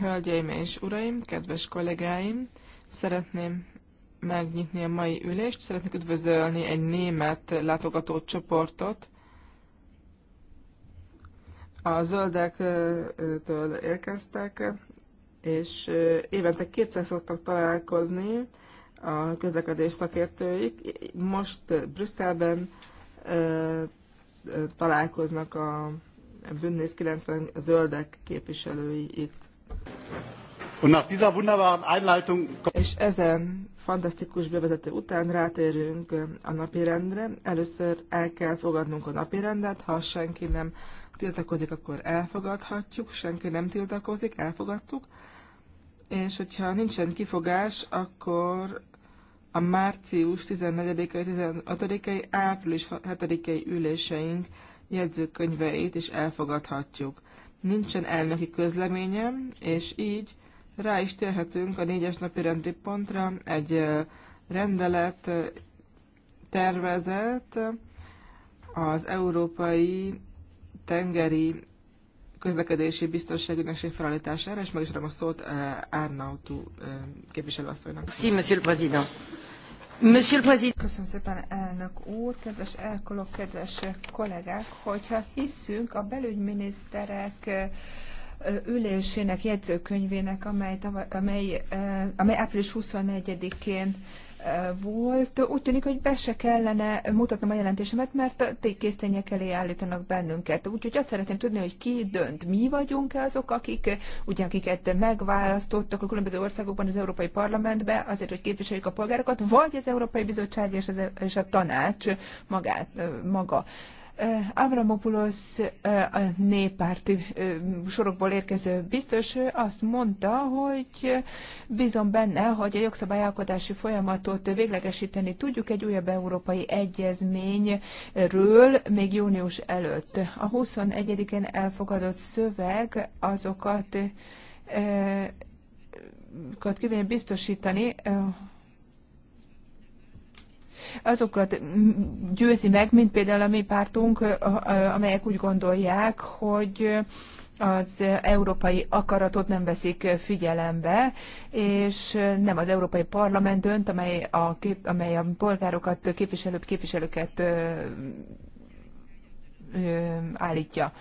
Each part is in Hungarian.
Hölgyeim és uraim, kedves kollégáim, szeretném megnyitni a mai ülést, szeretnék üdvözölni egy német látogató csoportot. A zöldektől érkeztek, és évente kétszer szoktak találkozni a közlekedés szakértőik. Most Brüsszelben találkoznak a Bündnis 90 zöldek képviselői itt. Und nach dieser wunderbaren Einleitung... És ezen fantasztikus bevezető után rátérünk eh, a napirendre. Először el kell fogadnunk a napirendet, ha senki nem tiltakozik, akkor elfogadhatjuk, senki nem tiltakozik, elfogadtuk. És hogyha nincsen kifogás, akkor a március 14-i, 15-i, április 7-i üléseink jegyzőkönyveit is elfogadhatjuk. Nincsen elnöki közleményem, és így rá is térhetünk a négyes napi rendi pontra egy rendelet tervezet az Európai Tengeri Közlekedési Biztonság Ügynökség felállítására, és meg is adom a szót Árnautú képviselőasszonynak. Köszönöm, monsieur le président. Monsieur le Président. Köszönöm szépen, elnök úr, kedves elkolok, kedves kollégák, hogyha hiszünk a belügyminiszterek ülésének jegyzőkönyvének, amely, amely, amely április 24-én volt. Úgy tűnik, hogy be se kellene mutatnom a jelentésemet, mert késztények elé állítanak bennünket. Úgyhogy azt szeretném tudni, hogy ki dönt. Mi vagyunk-e azok, akik, ugye, akiket megválasztottak a különböző országokban az Európai Parlamentbe azért, hogy képviseljük a polgárokat, vagy az Európai Bizottság és, az, és a tanács magát, maga. Avramopoulos a néppárti sorokból érkező biztos azt mondta, hogy bízom benne, hogy a jogszabályalkotási folyamatot véglegesíteni tudjuk egy újabb európai egyezményről még június előtt. A 21-én elfogadott szöveg azokat kivéve biztosítani, azokat győzi meg, mint például a mi pártunk, amelyek úgy gondolják, hogy az európai akaratot nem veszik figyelembe, és nem az Európai Parlament dönt, amely a, kép, amely a polgárokat, képviselők, képviselőket állítja.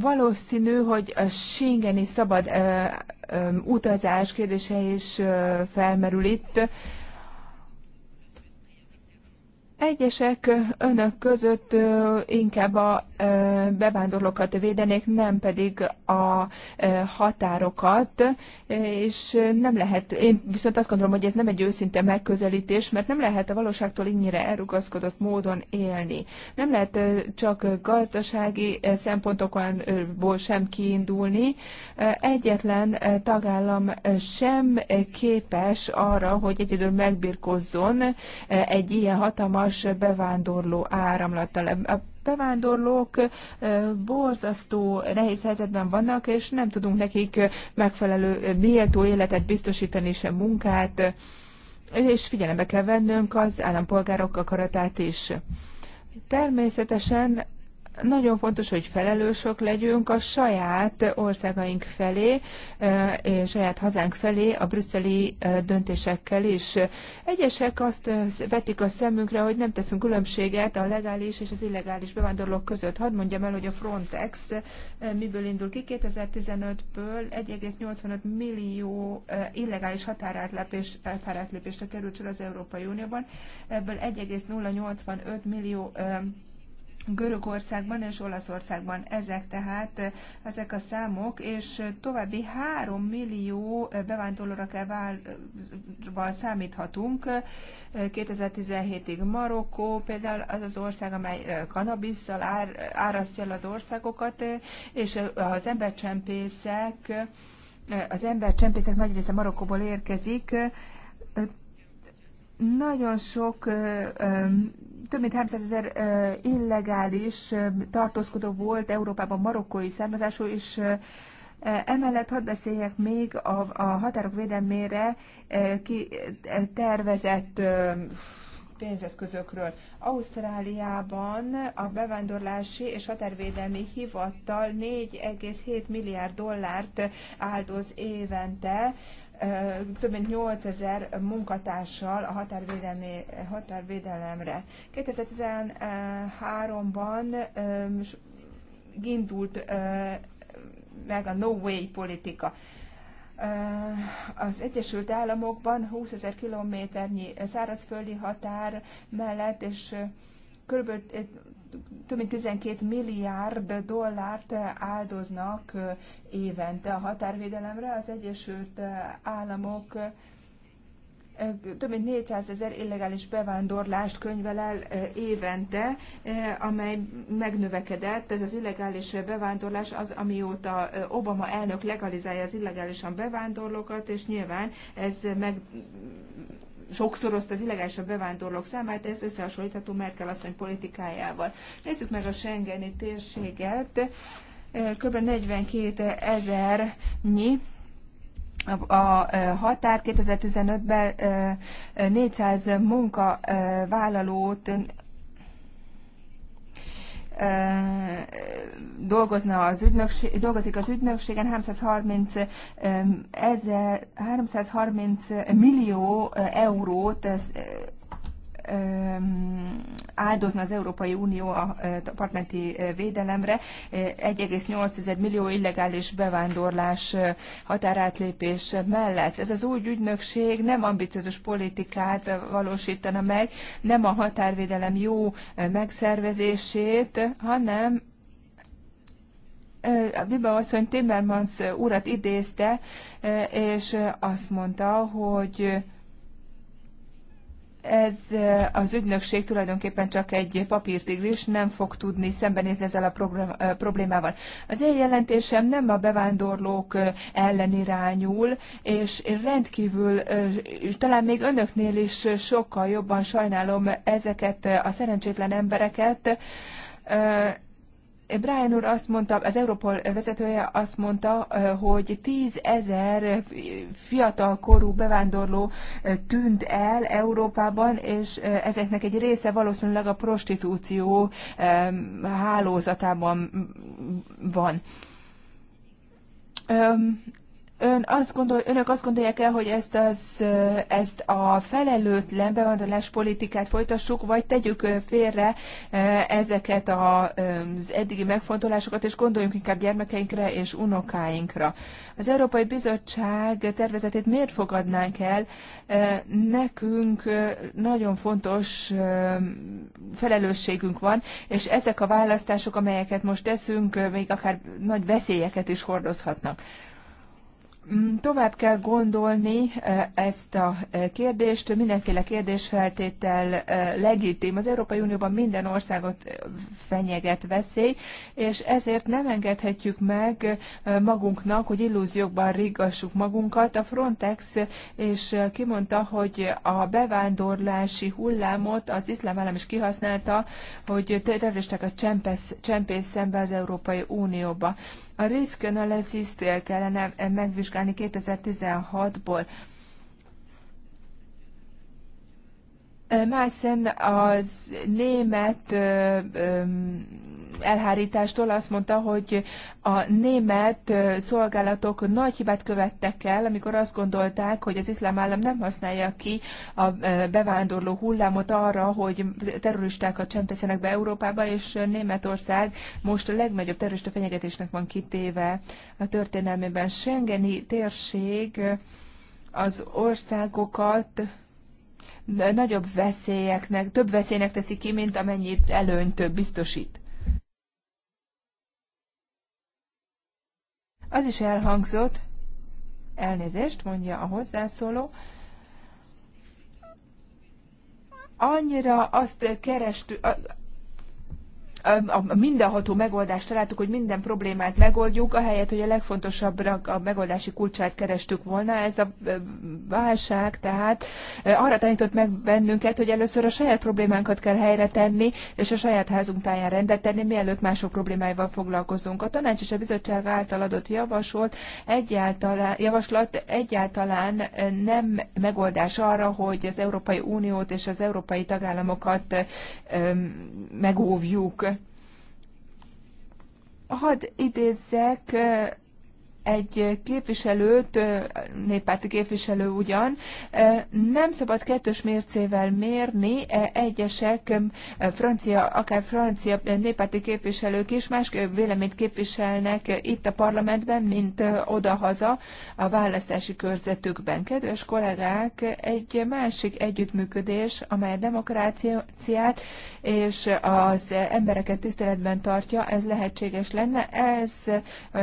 Valószínű, hogy a Schengeni szabad ö, ö, utazás kérdése is ö, felmerül itt. Egyesek önök között inkább a bevándorlókat védenék, nem pedig a határokat, és nem lehet, én viszont azt gondolom, hogy ez nem egy őszinte megközelítés, mert nem lehet a valóságtól innyire elrugaszkodott módon élni. Nem lehet csak gazdasági szempontokból sem kiindulni. Egyetlen tagállam sem képes arra, hogy egyedül megbirkozzon egy ilyen hatalmas hatalmas bevándorló áramlattal. A bevándorlók borzasztó nehéz helyzetben vannak, és nem tudunk nekik megfelelő méltó életet biztosítani, sem munkát, és figyelembe kell vennünk az állampolgárok akaratát is. Természetesen nagyon fontos, hogy felelősök legyünk a saját országaink felé, és saját hazánk felé a brüsszeli döntésekkel is. Egyesek azt vetik a szemünkre, hogy nem teszünk különbséget a legális és az illegális bevándorlók között. Hadd mondjam el, hogy a Frontex miből indul ki. 2015-ből 1,85 millió illegális határátlépés, határátlépésre került sor az Európai Unióban, ebből 1,085 millió Görögországban és Olaszországban ezek tehát ezek a számok, és további 3 millió bevándorlóra kell vál, számíthatunk 2017-ig. Marokkó például az az ország, amely kanabisszal ár, árasztja az országokat, és az embercsempészek, az embercsempészek nagy része Marokkóból érkezik, nagyon sok több mint 300 ezer illegális tartózkodó volt Európában marokkói származású, és Emellett hadd beszéljek még a, a határok védelmére ki, tervezett pénzeszközökről. Ausztráliában a bevándorlási és határvédelmi hivattal 4,7 milliárd dollárt áldoz évente több mint 8000 munkatársal a határvédelmi, határvédelemre. 2013-ban indult meg a No Way politika. Az Egyesült Államokban 20 ezer kilométernyi szárazföldi határ mellett, és kb több mint 12 milliárd dollárt áldoznak évente a határvédelemre. Az Egyesült Államok több mint 400 ezer illegális bevándorlást könyvel el évente, amely megnövekedett. Ez az illegális bevándorlás az, amióta Obama elnök legalizálja az illegálisan bevándorlókat, és nyilván ez meg sokszorozta az illegális bevándorlók számát, ez összehasonlítható Merkel asszony politikájával. Nézzük meg a Schengeni térséget. Kb. 42 ezer nyi a határ 2015-ben 400 munkavállalót dolgozna az ügynökség, dolgozik az ügynökségen, 330, ezer, 330 millió eurót áldozna az Európai Unió a partmenti védelemre. 1,8 millió illegális bevándorlás határátlépés mellett. Ez az új ügynökség nem ambiciózus politikát valósítana meg, nem a határvédelem jó megszervezését, hanem Biba asszony Timmermans urat idézte, és azt mondta, hogy ez eh, az ügynökség tulajdonképpen csak egy papírtigris, nem fog tudni szembenézni ezzel a eh, problémával. Az én jelentésem nem a bevándorlók eh, ellen irányul, és rendkívül, és talán még önöknél is sokkal jobban sajnálom ezeket a szerencsétlen embereket, Brian úr azt mondta, az Európol vezetője azt mondta, hogy tízezer ezer fiatal korú bevándorló tűnt el Európában, és ezeknek egy része valószínűleg a prostitúció hálózatában van. Ön azt gondol, önök azt gondolják el, hogy ezt, az, ezt a felelőtlen bevándorlás politikát folytassuk, vagy tegyük félre ezeket az eddigi megfontolásokat, és gondoljunk inkább gyermekeinkre és unokáinkra. Az Európai Bizottság tervezetét miért fogadnánk el? Nekünk nagyon fontos felelősségünk van, és ezek a választások, amelyeket most teszünk, még akár nagy veszélyeket is hordozhatnak. Mm, tovább kell gondolni eh, ezt a eh, kérdést, mindenféle kérdésfeltétel eh, legitim. Az Európai Unióban minden országot fenyeget veszély, és ezért nem engedhetjük meg magunknak, hogy illúziókban riggassuk magunkat. A Frontex és kimondta, hogy a bevándorlási hullámot az iszlám állam is kihasználta, hogy terroristákat csempész, csempész szembe az Európai Unióba. A risk analysis kellene eh, megvizsgálni 2016-ból. Eh, Másen az német elhárítástól azt mondta, hogy a német szolgálatok nagy hibát követtek el, amikor azt gondolták, hogy az iszlám állam nem használja ki a bevándorló hullámot arra, hogy terroristákat csempeszenek be Európába, és Németország most a legnagyobb terrorista fenyegetésnek van kitéve a történelmében. Schengeni térség az országokat nagyobb veszélyeknek, több veszélynek teszi ki, mint amennyi előnyt biztosít. Az is elhangzott, elnézést mondja a hozzászóló, annyira azt kerestük, a mindenható megoldást találtuk, hogy minden problémát megoldjuk, ahelyett, hogy a legfontosabbra a megoldási kulcsát kerestük volna. Ez a válság tehát arra tanított meg bennünket, hogy először a saját problémánkat kell helyre tenni, és a saját házunk táján rendet tenni, mielőtt mások problémáival foglalkozunk. A tanács és a bizottság által adott javasolt egyáltalán, javaslat egyáltalán nem megoldás arra, hogy az Európai Uniót és az európai tagállamokat megóvjuk Hadd idézzek egy képviselőt, néppárti képviselő ugyan, nem szabad kettős mércével mérni, egyesek, francia, akár francia néppárti képviselők is más véleményt képviselnek itt a parlamentben, mint odahaza a választási körzetükben. Kedves kollégák, egy másik együttműködés, amely a demokráciát és az embereket tiszteletben tartja, ez lehetséges lenne, ez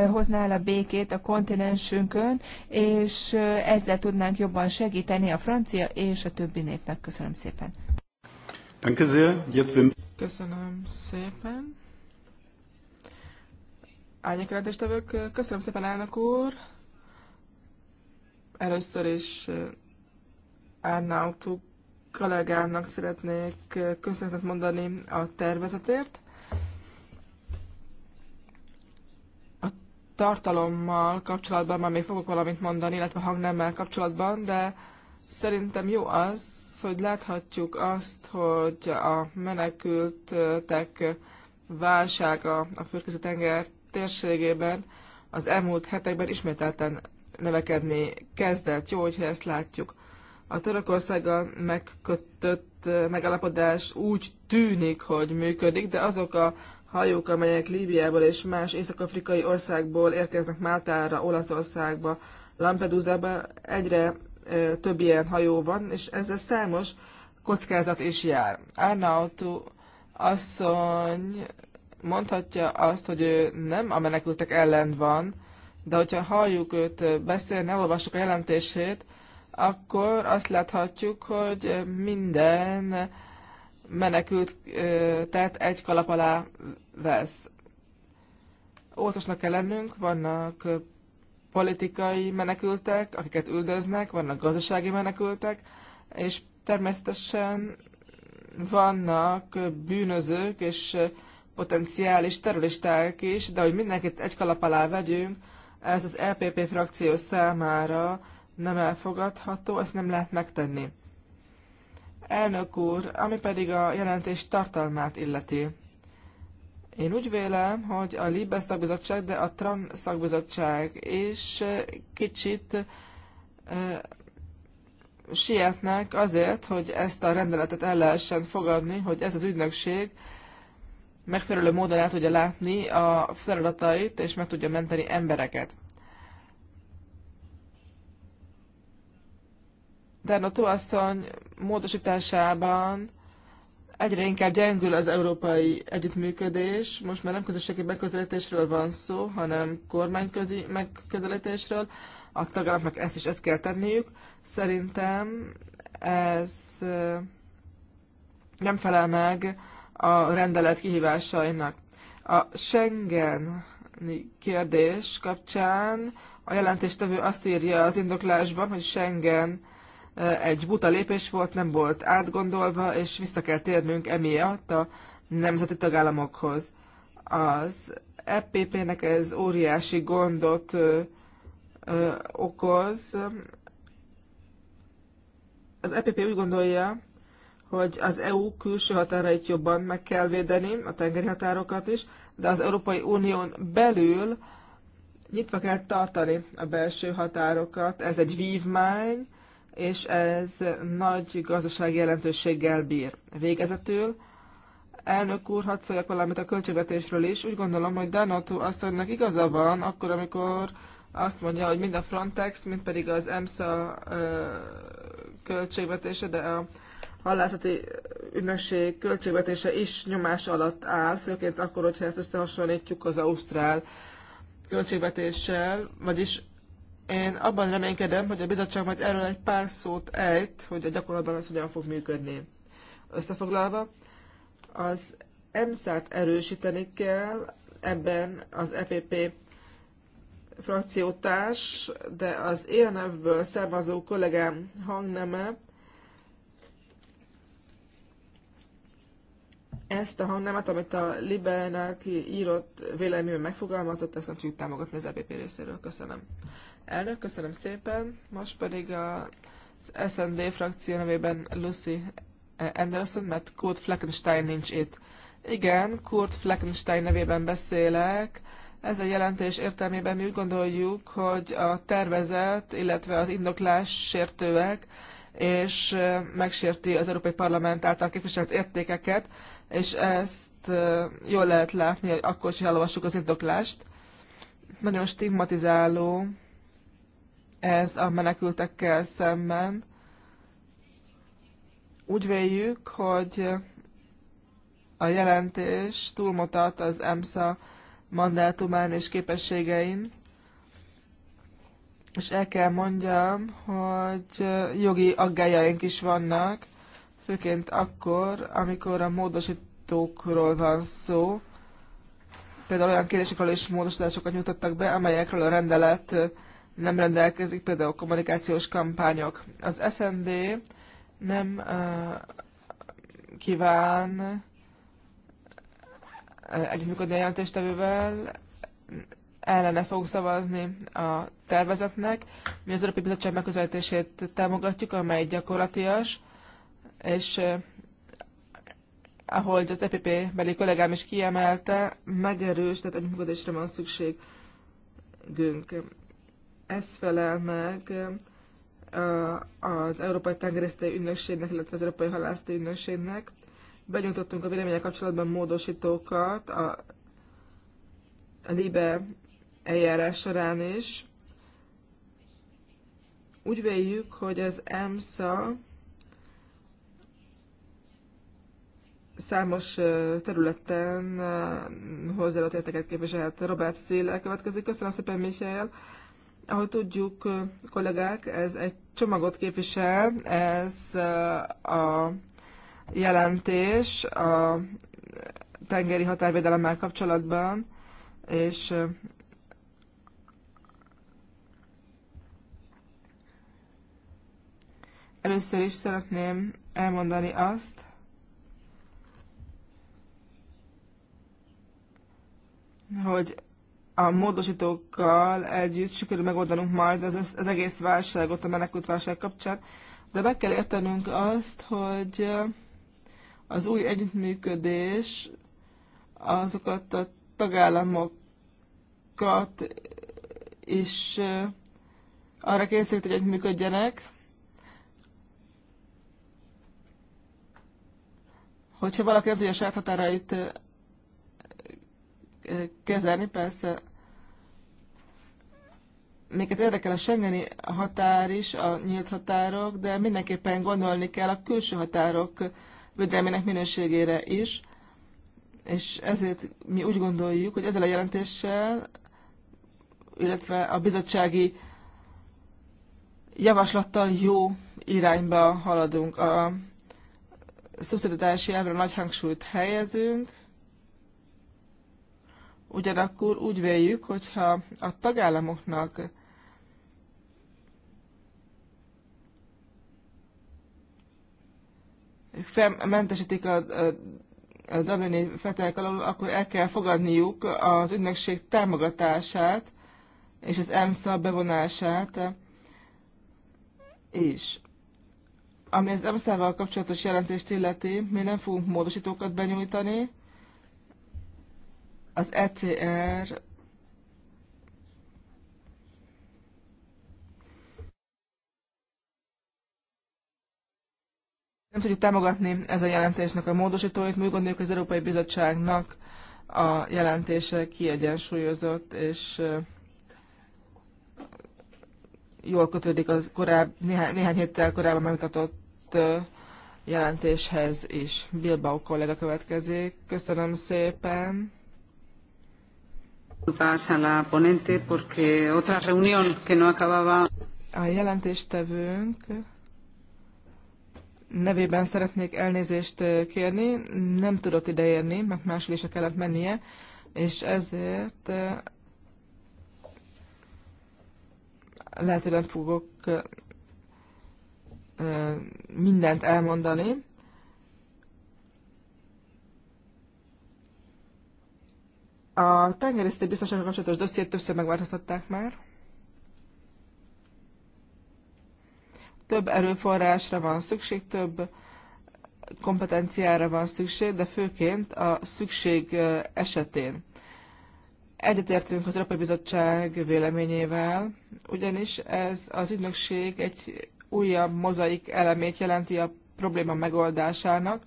hozná el a békét itt a kontinensünkön, és ezzel tudnánk jobban segíteni a francia és a többi népnek. Köszönöm szépen. Köszönöm szépen. Árnyékjelentéstevők, köszönöm szépen, elnök úr. Először is Árnautú kollégámnak szeretnék köszönetet mondani a tervezetért. tartalommal kapcsolatban már még fogok valamit mondani, illetve hangnemmel kapcsolatban, de szerintem jó az, hogy láthatjuk azt, hogy a menekültek válsága a földközi tenger térségében az elmúlt hetekben ismételten növekedni kezdett. Jó, hogyha ezt látjuk. A Törökországgal megkötött megállapodás úgy tűnik, hogy működik, de azok a hajók, amelyek Líbiából és más észak-afrikai országból érkeznek Máltára, Olaszországba, lampedusa Lampedusa-ba, egyre több ilyen hajó van, és ezzel számos kockázat is jár. Arnautu asszony mondhatja azt, hogy ő nem a menekültek ellen van, de hogyha halljuk őt beszélni, elolvassuk a jelentését, akkor azt láthatjuk, hogy minden menekült, tehát egy kalap alá vesz. Óvatosnak kell lennünk, vannak politikai menekültek, akiket üldöznek, vannak gazdasági menekültek, és természetesen vannak bűnözők és potenciális terroristák is, de hogy mindenkit egy kalap alá vegyünk, ez az LPP e frakció számára nem elfogadható, ezt nem lehet megtenni. Elnök úr, ami pedig a jelentés tartalmát illeti. Én úgy vélem, hogy a LIBE szakbizottság, de a Tran szakbizottság is kicsit e, sietnek azért, hogy ezt a rendeletet el lehessen fogadni, hogy ez az ügynökség megfelelő módon el tudja látni a feladatait, és meg tudja menteni embereket. Ternotó asszony módosításában egyre inkább gyengül az európai együttműködés. Most már nem közösségi megközelítésről van szó, hanem kormányközi megközelítésről. A tagállamoknak ezt is ezt kell tenniük. Szerintem ez nem felel meg a rendelet kihívásainak. A Schengen kérdés kapcsán a jelentéstevő azt írja az indoklásban, hogy Schengen egy buta lépés volt, nem volt átgondolva, és vissza kell térnünk emiatt a nemzeti tagállamokhoz. Az EPP-nek ez óriási gondot ö, ö, okoz. Az EPP úgy gondolja, hogy az EU külső határait jobban meg kell védeni, a tengeri határokat is, de az Európai Unión belül nyitva kell tartani a belső határokat. Ez egy vívmány, és ez nagy gazdasági jelentőséggel bír. Végezetül, elnök úr, hadd szóljak valamit a költségvetésről is. Úgy gondolom, hogy Danotú asszonynak igaza van, akkor, amikor azt mondja, hogy mind a Frontex, mind pedig az EMSA költségvetése, de a hallászati ünnepség költségvetése is nyomás alatt áll, főként akkor, hogyha ezt összehasonlítjuk az ausztrál költségvetéssel, vagyis én abban reménykedem, hogy a bizottság majd erről egy pár szót ejt, hogy a gyakorlatban ez hogyan fog működni. Összefoglalva, az emsz át erősíteni kell, ebben az EPP frakciótárs, de az ENF-ből származó kollégám hangneme ezt a hangnemet, amit a Libernek írott véleményben megfogalmazott, ezt nem tudjuk támogatni az EPP részéről. Köszönöm. Elnök, köszönöm szépen. Most pedig az SND frakció nevében Lucy Anderson, mert Kurt Fleckenstein nincs itt. Igen, Kurt Fleckenstein nevében beszélek. Ez a jelentés értelmében mi úgy gondoljuk, hogy a tervezet, illetve az indoklás sértőek, és megsérti az Európai Parlament által képviselt értékeket, és ezt jól lehet látni, hogy akkor is elolvassuk az indoklást. Nagyon stigmatizáló ez a menekültekkel szemben. Úgy véljük, hogy a jelentés túlmutat az emsa mandátumán és képességein, és el kell mondjam, hogy jogi aggájaink is vannak, főként akkor, amikor a módosítókról van szó. Például olyan kérdésekről és módosításokat nyújtottak be, amelyekről a rendelet nem rendelkezik, például kommunikációs kampányok. Az SND nem uh, kíván uh, együttműködni a jelentéstevővel, ellene fogunk szavazni a tervezetnek. Mi az Európai Bizottság megközelítését támogatjuk, amely gyakorlatias, és uh, ahogy az EPP beli kollégám is kiemelte, megerős, tehát együttműködésre van szükségünk. Ez felel meg az Európai Tengerészeti Ügynökségnek, illetve az Európai Halászati Ügynökségnek. Benyújtottunk a vélemények kapcsolatban módosítókat a, LIBE eljárás során is. Úgy véljük, hogy az EMSA számos területen hozzáadott érteket képviselhet. Robert Széle következik. Köszönöm szépen, Michael. Ahogy tudjuk, kollégák, ez egy csomagot képvisel, ez a jelentés a tengeri határvédelemmel kapcsolatban, és először is szeretném elmondani azt, hogy a módosítókkal együtt sikerül megoldanunk majd az, az egész válságot, a menekült válság kapcsán, de meg kell értenünk azt, hogy az új együttműködés azokat a tagállamokat is arra kényszerít, hogy együttműködjenek, hogyha valaki nem tudja a saját határait kezelni, persze minket érdekel a Schengeni határ is, a nyílt határok, de mindenképpen gondolni kell a külső határok védelmének minőségére is, és ezért mi úgy gondoljuk, hogy ezzel a jelentéssel, illetve a bizottsági javaslattal jó irányba haladunk. A szubszidatási elvre nagy hangsúlyt helyezünk, ugyanakkor úgy véljük, hogyha a tagállamoknak mentesítik a, a, a Dublini feltételek alól, akkor el kell fogadniuk az ügynökség támogatását és az EMSZA bevonását is. Ami az emsza val kapcsolatos jelentést illeti, mi nem fogunk módosítókat benyújtani. Az ECR Nem tudjuk támogatni ez a jelentésnek a módosítóit, mi úgy gondoljuk, hogy az Európai Bizottságnak a jelentése kiegyensúlyozott, és jól kötődik az korábbi, néhány, néhány héttel korábban megmutatott jelentéshez is. Bilbao kollega következik. Köszönöm szépen. A jelentéstevőnk nevében szeretnék elnézést kérni. Nem tudott ideérni, mert máshol is kellett mennie, és ezért lehet, hogy nem fogok mindent elmondani. A tengerészeti biztonsággal kapcsolatos dossziét többször megváltoztatták már. Több erőforrásra van szükség, több kompetenciára van szükség, de főként a szükség esetén. Egyetértünk az Európai Bizottság véleményével, ugyanis ez az ügynökség egy újabb mozaik elemét jelenti a probléma megoldásának,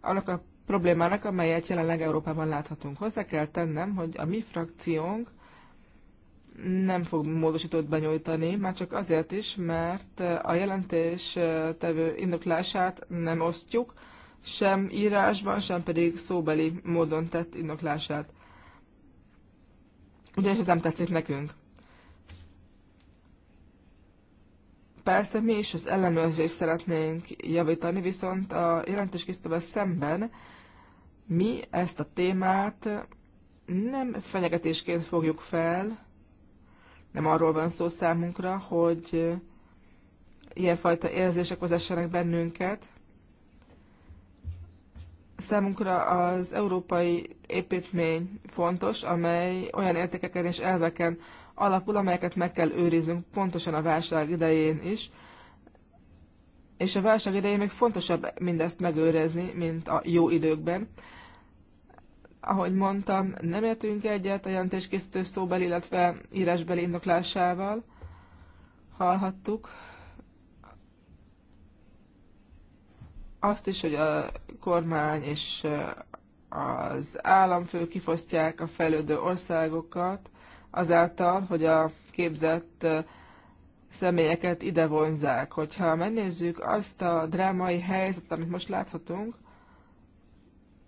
annak a problémának, amelyet jelenleg Európában láthatunk. Hozzá kell tennem, hogy a mi frakciónk nem fog módosítót benyújtani, már csak azért is, mert a jelentés tevő indoklását nem osztjuk, sem írásban, sem pedig szóbeli módon tett indoklását. Ugyanis ez nem tetszik nekünk. Persze mi is az ellenőrzést szeretnénk javítani, viszont a jelentés kisztóval szemben mi ezt a témát nem fenyegetésként fogjuk fel, nem arról van szó számunkra, hogy ilyenfajta érzések vezessenek bennünket. Számunkra az európai építmény fontos, amely olyan értékeken és elveken alapul, amelyeket meg kell őriznünk pontosan a válság idején is. És a válság idején még fontosabb mindezt megőrizni, mint a jó időkben ahogy mondtam, nem értünk egyet a jelentéskészítő szóbeli, illetve írásbeli indoklásával. Hallhattuk azt is, hogy a kormány és az államfő kifosztják a fejlődő országokat azáltal, hogy a képzett személyeket ide vonzák. Hogyha megnézzük azt a drámai helyzetet, amit most láthatunk,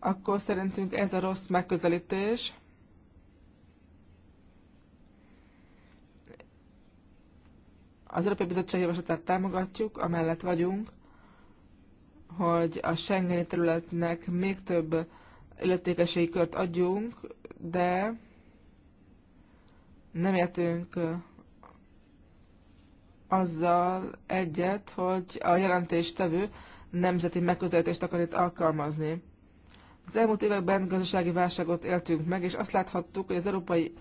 akkor szerintünk ez a rossz megközelítés. Az Európai Bizottság javaslatát támogatjuk, amellett vagyunk, hogy a Schengeni területnek még több illetékeségi kört adjunk, de nem értünk azzal egyet, hogy a jelentéstevő nemzeti megközelítést akar itt alkalmazni. Az elmúlt években gazdasági válságot éltünk meg, és azt láthattuk, hogy az európai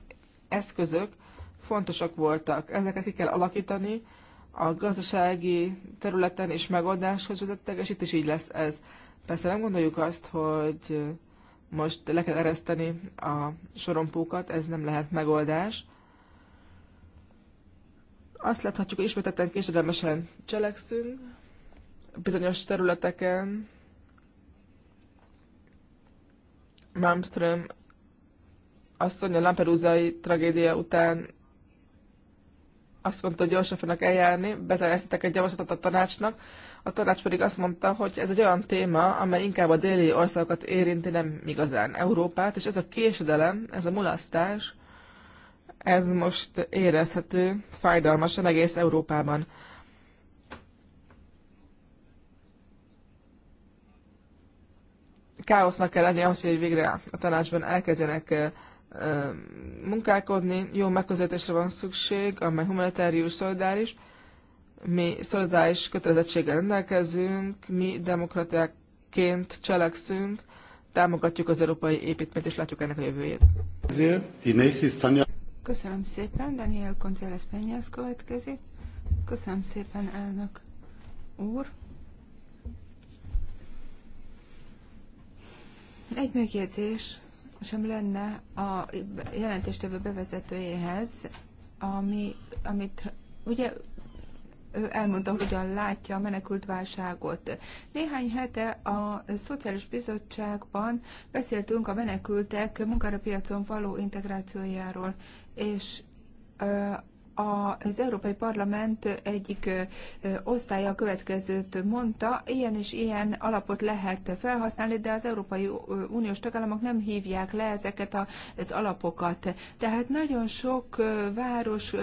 eszközök fontosak voltak. Ezeket ki kell alakítani, a gazdasági területen és megoldáshoz vezettek, és itt is így lesz ez. Persze nem gondoljuk azt, hogy most le kell ereszteni a sorompókat, ez nem lehet megoldás. Azt láthatjuk, hogy ismételten késedelmesen cselekszünk bizonyos területeken, Malmström mondja, a Lampedusai tragédia után azt mondta, hogy gyorsan fognak eljárni, beteleztetek egy javaslatot a tanácsnak, a tanács pedig azt mondta, hogy ez egy olyan téma, amely inkább a déli országokat érinti, nem igazán Európát, és ez a késedelem, ez a mulasztás, ez most érezhető fájdalmasan egész Európában. káosznak kell lenni ahhoz, hogy végre a tanácsban elkezdenek munkálkodni. Jó megközelítésre van szükség, amely humanitárius, szolidáris. Mi szolidáris kötelezettséggel rendelkezünk, mi demokratákként cselekszünk, támogatjuk az európai építményt, és látjuk ennek a jövőjét. Köszönöm szépen, Daniel González Penyász következik. Köszönöm szépen, elnök úr. Egy megjegyzés sem lenne a jelentéstevő bevezetőjéhez, ami, amit ugye ő elmondta, hogyan látja a menekült válságot. Néhány hete a Szociális Bizottságban beszéltünk a menekültek munkára piacon való integrációjáról, és az Európai Parlament egyik osztálya a következőt mondta, ilyen és ilyen alapot lehet felhasználni, de az Európai Uniós tagállamok nem hívják le ezeket az alapokat. Tehát nagyon sok város,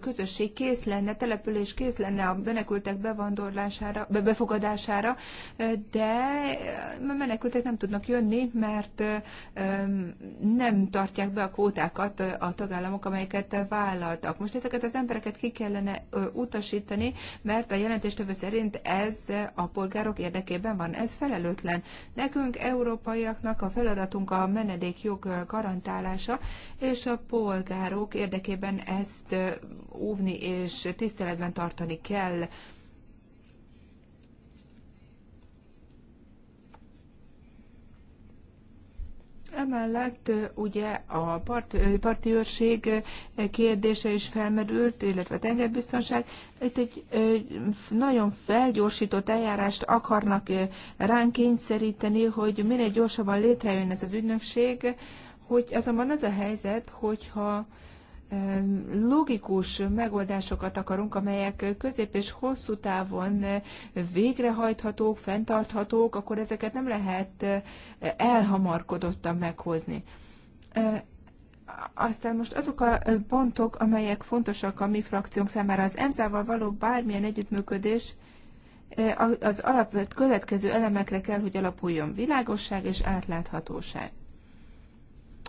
közösség kész lenne, település kész lenne a menekültek bevándorlására, befogadására, de a menekültek nem tudnak jönni, mert nem tartják be a kvótákat a tagállamok, amelyeket vállaltak. Most ez ezeket az embereket ki kellene utasítani, mert a jelentéstevő szerint ez a polgárok érdekében van. Ez felelőtlen. Nekünk, európaiaknak a feladatunk a menedékjog garantálása, és a polgárok érdekében ezt óvni és tiszteletben tartani kell. Emellett ugye a part, parti őrség kérdése is felmerült, illetve tengerbiztonság. Itt egy nagyon felgyorsított eljárást akarnak ránk kényszeríteni, hogy minél gyorsabban létrejön ez az ügynökség, hogy azonban az a helyzet, hogyha logikus megoldásokat akarunk, amelyek közép és hosszú távon végrehajthatók, fenntarthatók, akkor ezeket nem lehet elhamarkodottan meghozni. Aztán most azok a pontok, amelyek fontosak a mi frakciónk számára, az EMSZ-val való bármilyen együttműködés az alap következő elemekre kell, hogy alapuljon világosság és átláthatóság.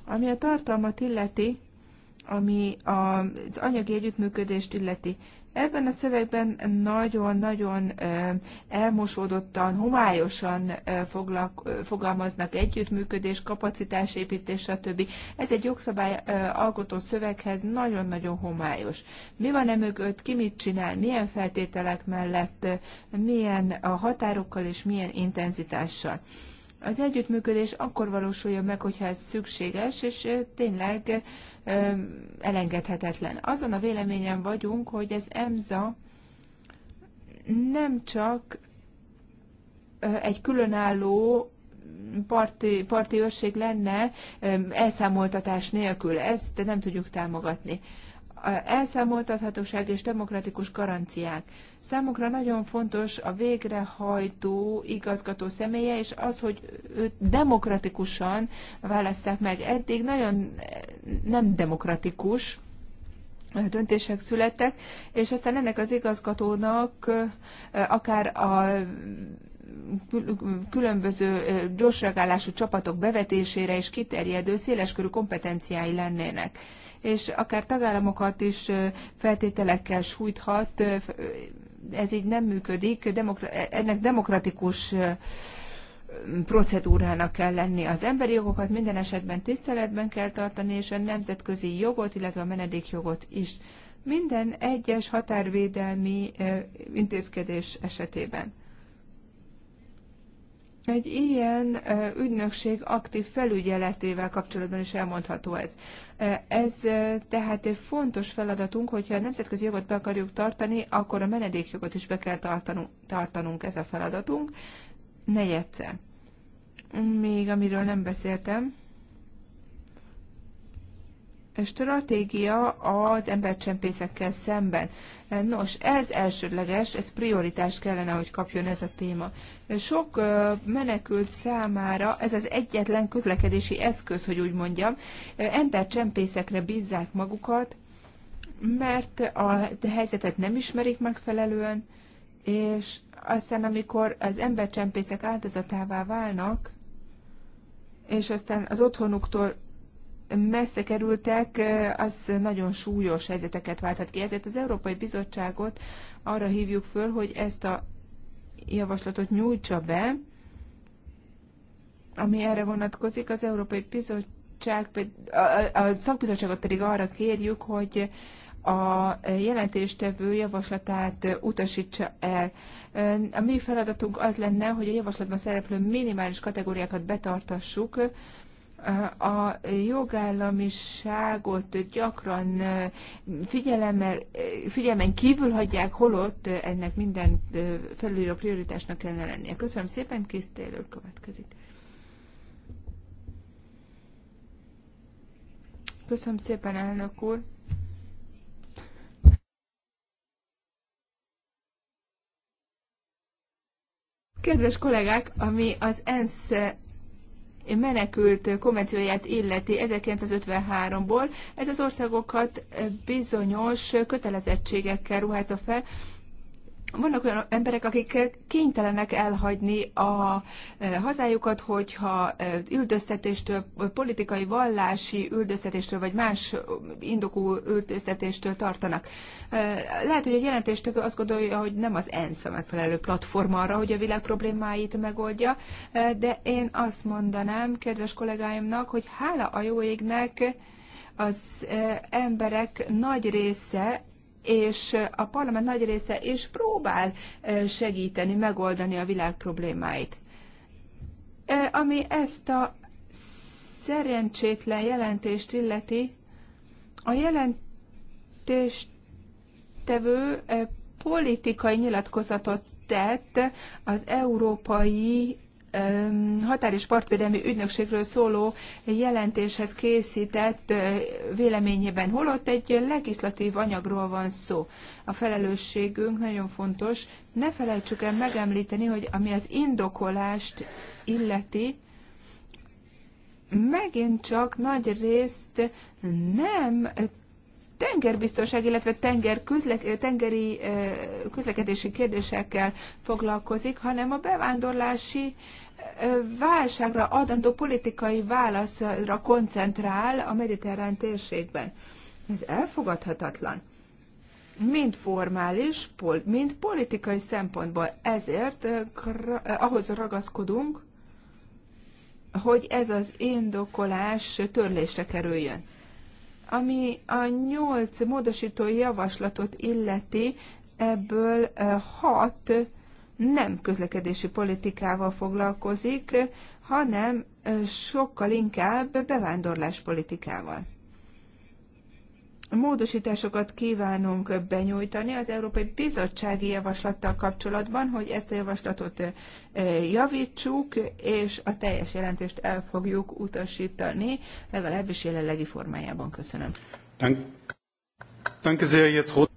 Ami a tartalmat illeti, ami az anyagi együttműködést illeti. Ebben a szövegben nagyon-nagyon elmosódottan, homályosan fogalmaznak együttműködés, kapacitásépítés, stb. Ez egy jogszabály alkotó szöveghez nagyon-nagyon homályos. Mi van e mögött, ki mit csinál, milyen feltételek mellett, milyen a határokkal és milyen intenzitással. Az együttműködés akkor valósulja meg, hogyha ez szükséges, és tényleg elengedhetetlen. Azon a véleményen vagyunk, hogy ez EMSA nem csak egy különálló parti, parti őrség lenne elszámoltatás nélkül. Ezt nem tudjuk támogatni elszámoltathatóság és demokratikus garanciák. Számukra nagyon fontos a végrehajtó igazgató személye, és az, hogy őt demokratikusan válasszák meg. Eddig nagyon nem demokratikus döntések születtek, és aztán ennek az igazgatónak akár a különböző gyorsreagálású csapatok bevetésére és kiterjedő széleskörű kompetenciái lennének és akár tagállamokat is feltételekkel sújthat, ez így nem működik, ennek demokratikus procedúrának kell lenni. Az emberi jogokat minden esetben tiszteletben kell tartani, és a nemzetközi jogot, illetve a menedékjogot is. Minden egyes határvédelmi intézkedés esetében egy ilyen ügynökség aktív felügyeletével kapcsolatban is elmondható ez. Ez tehát egy fontos feladatunk, hogyha a nemzetközi jogot be akarjuk tartani, akkor a menedékjogot is be kell tartanunk, tartanunk ez a feladatunk. Negyedszer. Még amiről nem beszéltem, stratégia az embercsempészekkel szemben. Nos, ez elsődleges, ez prioritás kellene, hogy kapjon ez a téma. Sok menekült számára ez az egyetlen közlekedési eszköz, hogy úgy mondjam, embercsempészekre bízzák magukat, mert a helyzetet nem ismerik megfelelően, és aztán amikor az embercsempészek áldozatává válnak, és aztán az otthonuktól messze kerültek, az nagyon súlyos helyzeteket válthat ki. Ezért az Európai Bizottságot arra hívjuk föl, hogy ezt a javaslatot nyújtsa be, ami erre vonatkozik, az Európai Bizottság, a szakbizottságot pedig arra kérjük, hogy a jelentéstevő javaslatát utasítsa el. A mi feladatunk az lenne, hogy a javaslatban szereplő minimális kategóriákat betartassuk, a jogállamiságot gyakran figyelemmel, figyelmen kívül hagyják, holott ennek minden felülíró prioritásnak kellene lennie. Köszönöm szépen, Kisztélő következik. Köszönöm szépen, elnök úr. Kedves kollégák, ami az ENSZ menekült konvencióját illeti 1953-ból. Ez az országokat bizonyos kötelezettségekkel ruházza fel, vannak olyan emberek, akik kénytelenek elhagyni a eh, hazájukat, hogyha eh, üldöztetéstől, politikai vallási üldöztetéstől, vagy más indokú üldöztetéstől tartanak. Eh, lehet, hogy a jelentéstevő azt gondolja, hogy nem az ENSZ a megfelelő platform arra, hogy a világ problémáit megoldja, de én azt mondanám kedves kollégáimnak, hogy hála a jó égnek az emberek nagy része és a parlament nagy része is próbál segíteni, megoldani a világ problémáit. Ami ezt a szerencsétlen jelentést illeti, a jelentéstevő politikai nyilatkozatot tett az európai határ és partvédelmi ügynökségről szóló jelentéshez készített véleményében, holott egy legislatív anyagról van szó. A felelősségünk nagyon fontos. Ne felejtsük el megemlíteni, hogy ami az indokolást illeti, megint csak nagy részt nem tengerbiztonság, illetve tenger közle- tengeri közlekedési kérdésekkel foglalkozik, hanem a bevándorlási válságra adandó politikai válaszra koncentrál a mediterrán térségben. Ez elfogadhatatlan. Mind formális, mind politikai szempontból. Ezért ahhoz ragaszkodunk, hogy ez az indokolás törlésre kerüljön. Ami a nyolc módosító javaslatot illeti, ebből hat nem közlekedési politikával foglalkozik, hanem sokkal inkább bevándorlás politikával. Módosításokat kívánunk benyújtani az Európai Bizottsági Javaslattal kapcsolatban, hogy ezt a javaslatot javítsuk, és a teljes jelentést el fogjuk utasítani, legalábbis jelenlegi formájában. Köszönöm.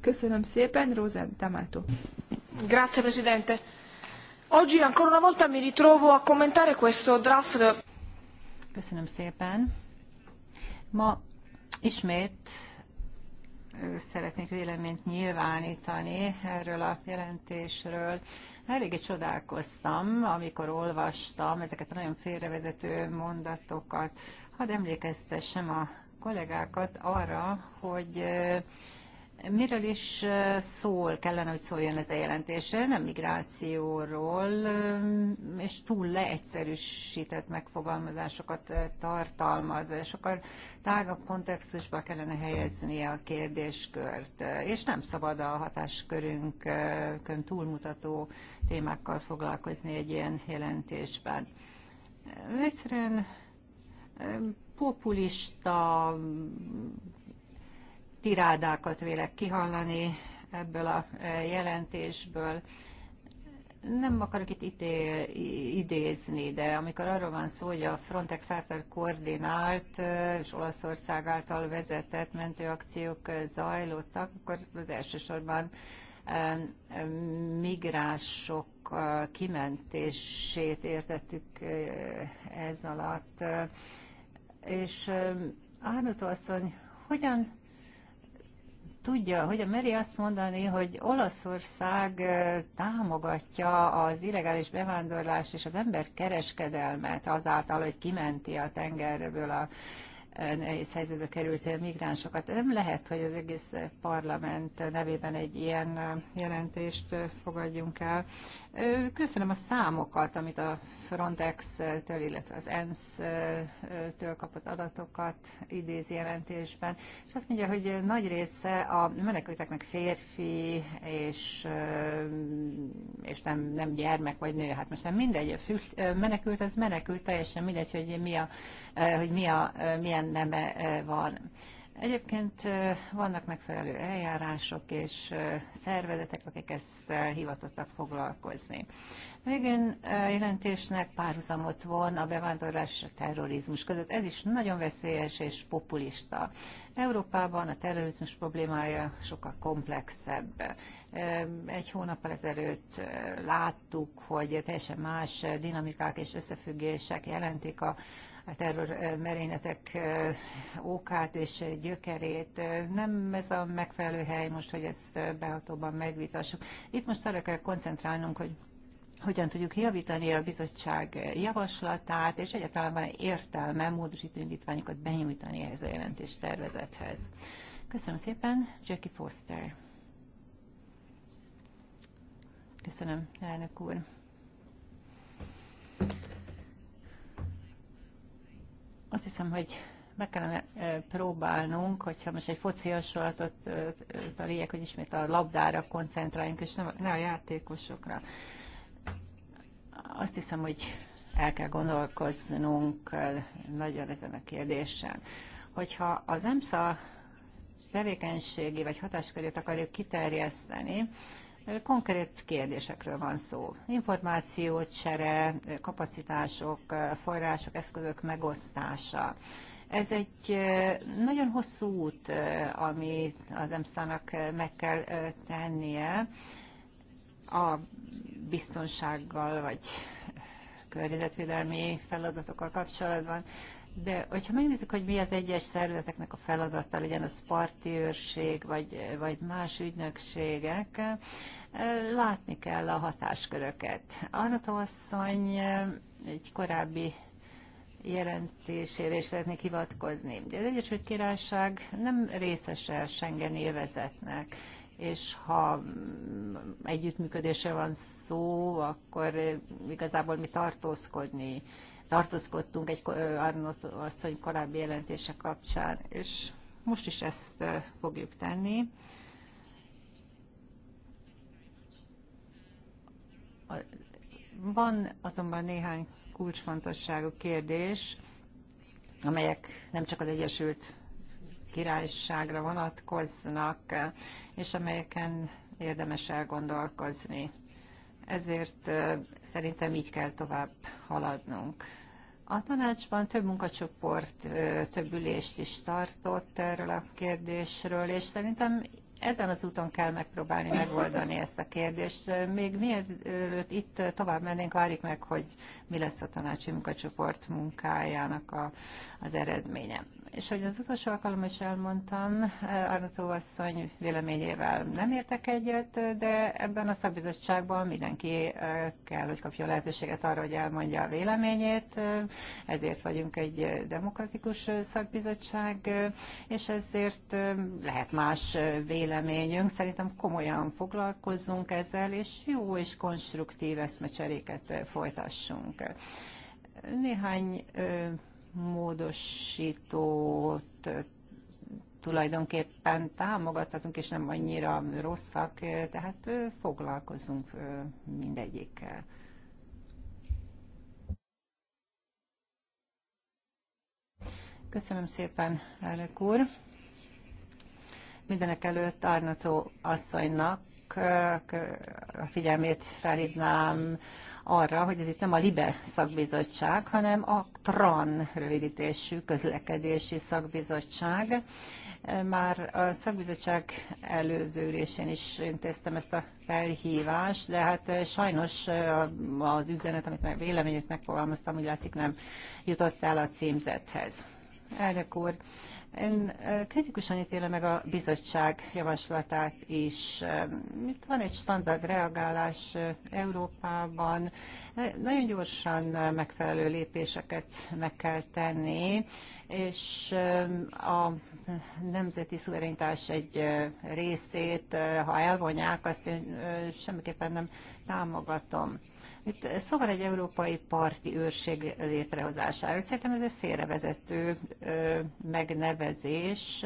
Köszönöm szépen, Rosen D'Amato. Grazie, Presidente. Oggi ancora una volta mi ritrovo a commentare questo draft. Köszönöm szépen. Ma ismét szeretnék véleményt nyilvánítani erről a jelentésről. Eléggé csodálkoztam, amikor olvastam ezeket a nagyon félrevezető mondatokat. Hadd emlékeztessem a kollégákat arra, hogy Miről is szól, kellene, hogy szóljon ez a jelentése? Nem migrációról, és túl leegyszerűsített megfogalmazásokat tartalmaz. akkor tágabb kontextusba kellene helyezni a kérdéskört, és nem szabad a hatáskörünkön túlmutató témákkal foglalkozni egy ilyen jelentésben. Egyszerűen populista tirádákat vélek kihallani ebből a e, jelentésből. Nem akarok itt ítél, idézni, de amikor arról van szó, hogy a Frontex által koordinált e, és Olaszország által vezetett mentőakciók zajlottak, akkor az elsősorban e, migránsok kimentését értettük ez alatt. És Árnutó asszony, hogyan tudja, hogyan meri azt mondani, hogy Olaszország támogatja az illegális bevándorlást és az kereskedelmet azáltal, hogy kimenti a tengerből a nehéz helyzetbe került eh, migránsokat. Nem lehet, hogy az egész eh, parlament eh, nevében egy ilyen jelentést fogadjunk el. Köszönöm a számokat, amit a Frontex-től, illetve az ENSZ-től kapott adatokat idéz jelentésben, és azt mondja, hogy nagy része a menekülteknek férfi, és, és nem, nem gyermek vagy nő. Hát most nem mindegy, a menekült az menekült, teljesen mindegy, hogy, mi a, hogy mi a, milyen benneme van. Egyébként vannak megfelelő eljárások és szervezetek, akik ezzel hivatottak foglalkozni. Végén jelentésnek párhuzamot von a bevándorlás és a terrorizmus között. Ez is nagyon veszélyes és populista. Európában a terrorizmus problémája sokkal komplexebb. Egy hónappal ezelőtt láttuk, hogy teljesen más dinamikák és összefüggések jelentik a a hát terror eh, merényletek okát eh, és eh, gyökerét. Nem ez a megfelelő hely most, hogy ezt behatóban megvitassuk. Itt most arra kell koncentrálnunk, hogy hogyan tudjuk javítani a bizottság javaslatát, és egyáltalán van értelme módosító indítványokat benyújtani ehhez a jelentés tervezethez. Köszönöm szépen, Jackie Foster. Köszönöm, elnök úr. Azt hiszem, hogy meg kellene próbálnunk, hogyha most egy foci hasonlatot találják, hogy ismét a labdára koncentráljunk, és ne a játékosokra. Azt hiszem, hogy el kell gondolkoznunk nagyon ezen a kérdésen. Hogyha az EMSZA tevékenységi vagy hatáskörét akarjuk kiterjeszteni, Konkrét kérdésekről van szó. Információcsere, kapacitások, források, eszközök megosztása. Ez egy nagyon hosszú út, amit az EMSZ-nak meg kell tennie a biztonsággal, vagy környezetvédelmi feladatokkal kapcsolatban. De hogyha megnézzük, hogy mi az egyes szervezeteknek a feladata, legyen az parti őrség, vagy, vagy más ügynökségek, látni kell a hatásköröket. Arnató asszony egy korábbi jelentésére is szeretnék hivatkozni. De az Egyesült Királyság nem részese a Schengen élvezetnek, és ha együttműködésre van szó, akkor igazából mi tartózkodni tartózkodtunk egy Arnott asszony korábbi jelentése kapcsán, és most is ezt fogjuk tenni. Van azonban néhány kulcsfontosságú kérdés, amelyek nem csak az Egyesült Királyságra vonatkoznak, és amelyeken érdemes elgondolkozni ezért szerintem így kell tovább haladnunk. A tanácsban több munkacsoport több ülést is tartott erről a kérdésről, és szerintem ezen az úton kell megpróbálni megoldani ezt a kérdést. Még mielőtt itt tovább mennénk, várjuk meg, hogy mi lesz a tanácsi munkacsoport munkájának a, az eredménye. És hogy az utolsó alkalom, is elmondtam, Arnotó asszony véleményével nem értek egyet, de ebben a szakbizottságban mindenki eh, kell, hogy kapja lehetőséget arra, hogy elmondja a véleményét. Ezért vagyunk egy demokratikus szakbizottság, és ezért eh, lehet más eh, vélemény véleményünk. Szerintem komolyan foglalkozzunk ezzel, és jó és konstruktív eszmecseréket folytassunk. Néhány módosítót tulajdonképpen támogathatunk, és nem annyira rosszak, tehát foglalkozunk mindegyikkel. Köszönöm szépen, elnök úr! Mindenek előtt Arnató asszonynak a figyelmét felhívnám arra, hogy ez itt nem a LIBE szakbizottság, hanem a TRAN rövidítésű közlekedési szakbizottság. Már a szakbizottság előző ülésén is intéztem ezt a felhívást, de hát sajnos az üzenet, amit meg, véleményét megfogalmaztam, úgy látszik nem jutott el a címzethez. Elnök úr, én kritikusan ítélem meg a bizottság javaslatát is. Itt van egy standard reagálás Európában. Nagyon gyorsan megfelelő lépéseket meg kell tenni, és a nemzeti szuverenitás egy részét, ha elvonják, azt én semmiképpen nem támogatom. Itt eh, szó van egy európai parti őrség létrehozásáról. Szerintem ez egy félrevezető megnevezés.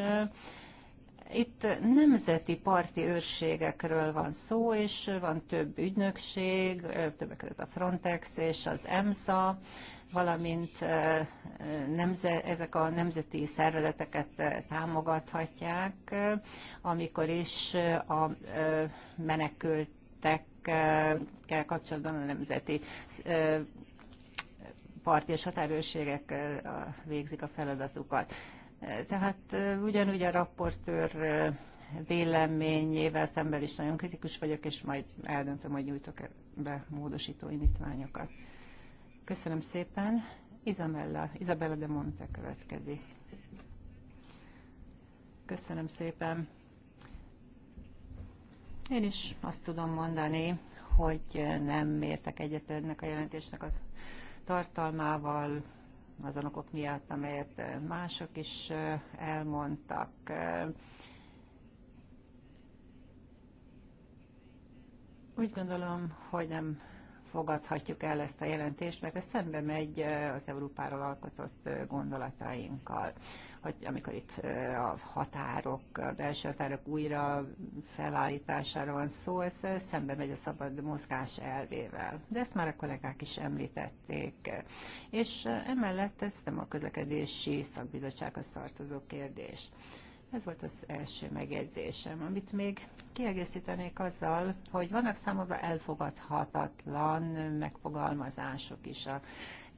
Itt nemzeti parti őrségekről van szó, és van több ügynökség, többek között a Frontex és az EMSA, valamint nemze, ezek a nemzeti szervezeteket támogathatják, amikor is a menekültek ügyekkel kapcsolatban a nemzeti parti és határőrségek végzik a feladatukat. Tehát ugyanúgy a rapportőr véleményével szemben is nagyon kritikus vagyok, és majd eldöntöm, hogy nyújtok e-, be módosító indítványokat. Köszönöm szépen. Izabella, Izabella de Monte következik. Köszönöm szépen. Én is azt tudom mondani, hogy nem értek egyet ennek a jelentésnek a tartalmával, azon okok miatt, amelyet mások is elmondtak. Úgy gondolom, hogy nem fogadhatjuk el ezt a jelentést, mert ez szembe megy az Európáról alkotott gondolatainkkal, hogy amikor itt a határok, a belső határok újra felállítására van szó, ez szembe megy a szabad mozgás elvével. De ezt már a kollégák is említették. És emellett ez nem a közlekedési szakbizottsághoz tartozó kérdés. Ez volt az első megjegyzésem, amit még kiegészítenék azzal, hogy vannak számomra elfogadhatatlan megfogalmazások is a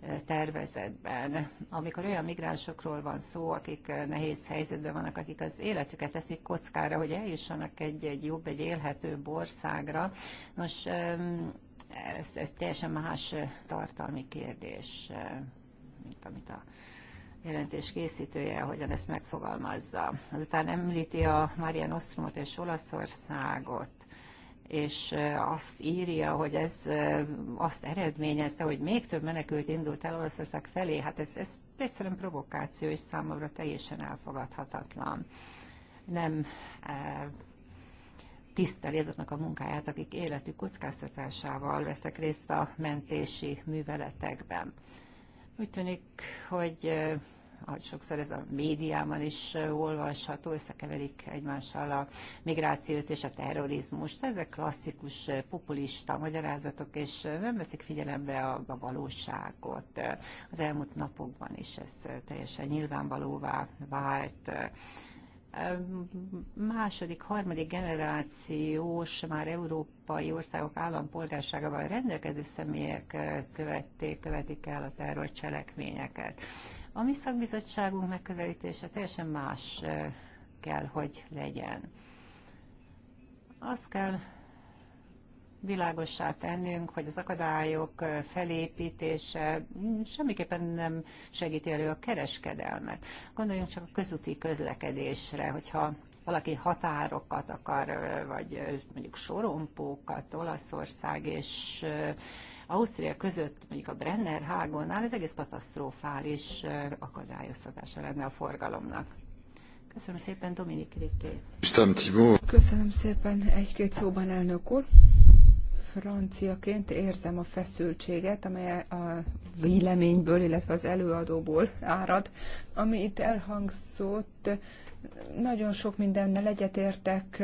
e, tervezetben. Amikor olyan migránsokról van szó, akik e, nehéz helyzetben vannak, akik az életüket teszik kockára, hogy eljussanak egy, egy jobb, egy élhetőbb országra, nos, e, ez, ez teljesen más tartalmi kérdés, mint amit a jelentés készítője, hogyan ezt megfogalmazza. Azután említi a Mária Nostrumot és Olaszországot és eh, azt írja, hogy ez eh, azt eredményezte, hogy még több menekült indult el Olaszország felé. Hát ez, ez egyszerűen provokáció, és számomra teljesen elfogadhatatlan. Nem e, tiszteli azoknak a munkáját, akik életük kockáztatásával vettek részt a mentési műveletekben. Úgy tűnik, hogy ahogy sokszor ez a médiában is olvasható, összekeverik egymással a migrációt és a terrorizmust. Ezek klasszikus populista magyarázatok, és nem veszik figyelembe a, a valóságot. Az elmúlt napokban is ez teljesen nyilvánvalóvá vált második, harmadik generációs, már európai országok állampolgárságával rendelkező személyek követték, követik el a cselekményeket. A mi szakbizottságunk megközelítése teljesen más kell, hogy legyen. Azt kell világossá tennünk, hogy az akadályok felépítése mm, semmiképpen nem segíti elő a kereskedelmet. Gondoljunk csak a közúti közlekedésre, hogyha valaki határokat akar, vagy mondjuk sorompókat, Olaszország és Ausztria között, mondjuk a Brenner hágónál, ez egész katasztrofális akadályoztatása lenne a forgalomnak. Köszönöm szépen, Dominik Riké. Köszönöm szépen, egy-két szóban, elnök úr franciaként érzem a feszültséget, amely a véleményből, illetve az előadóból árad, ami itt elhangzott. Nagyon sok mindennel egyetértek,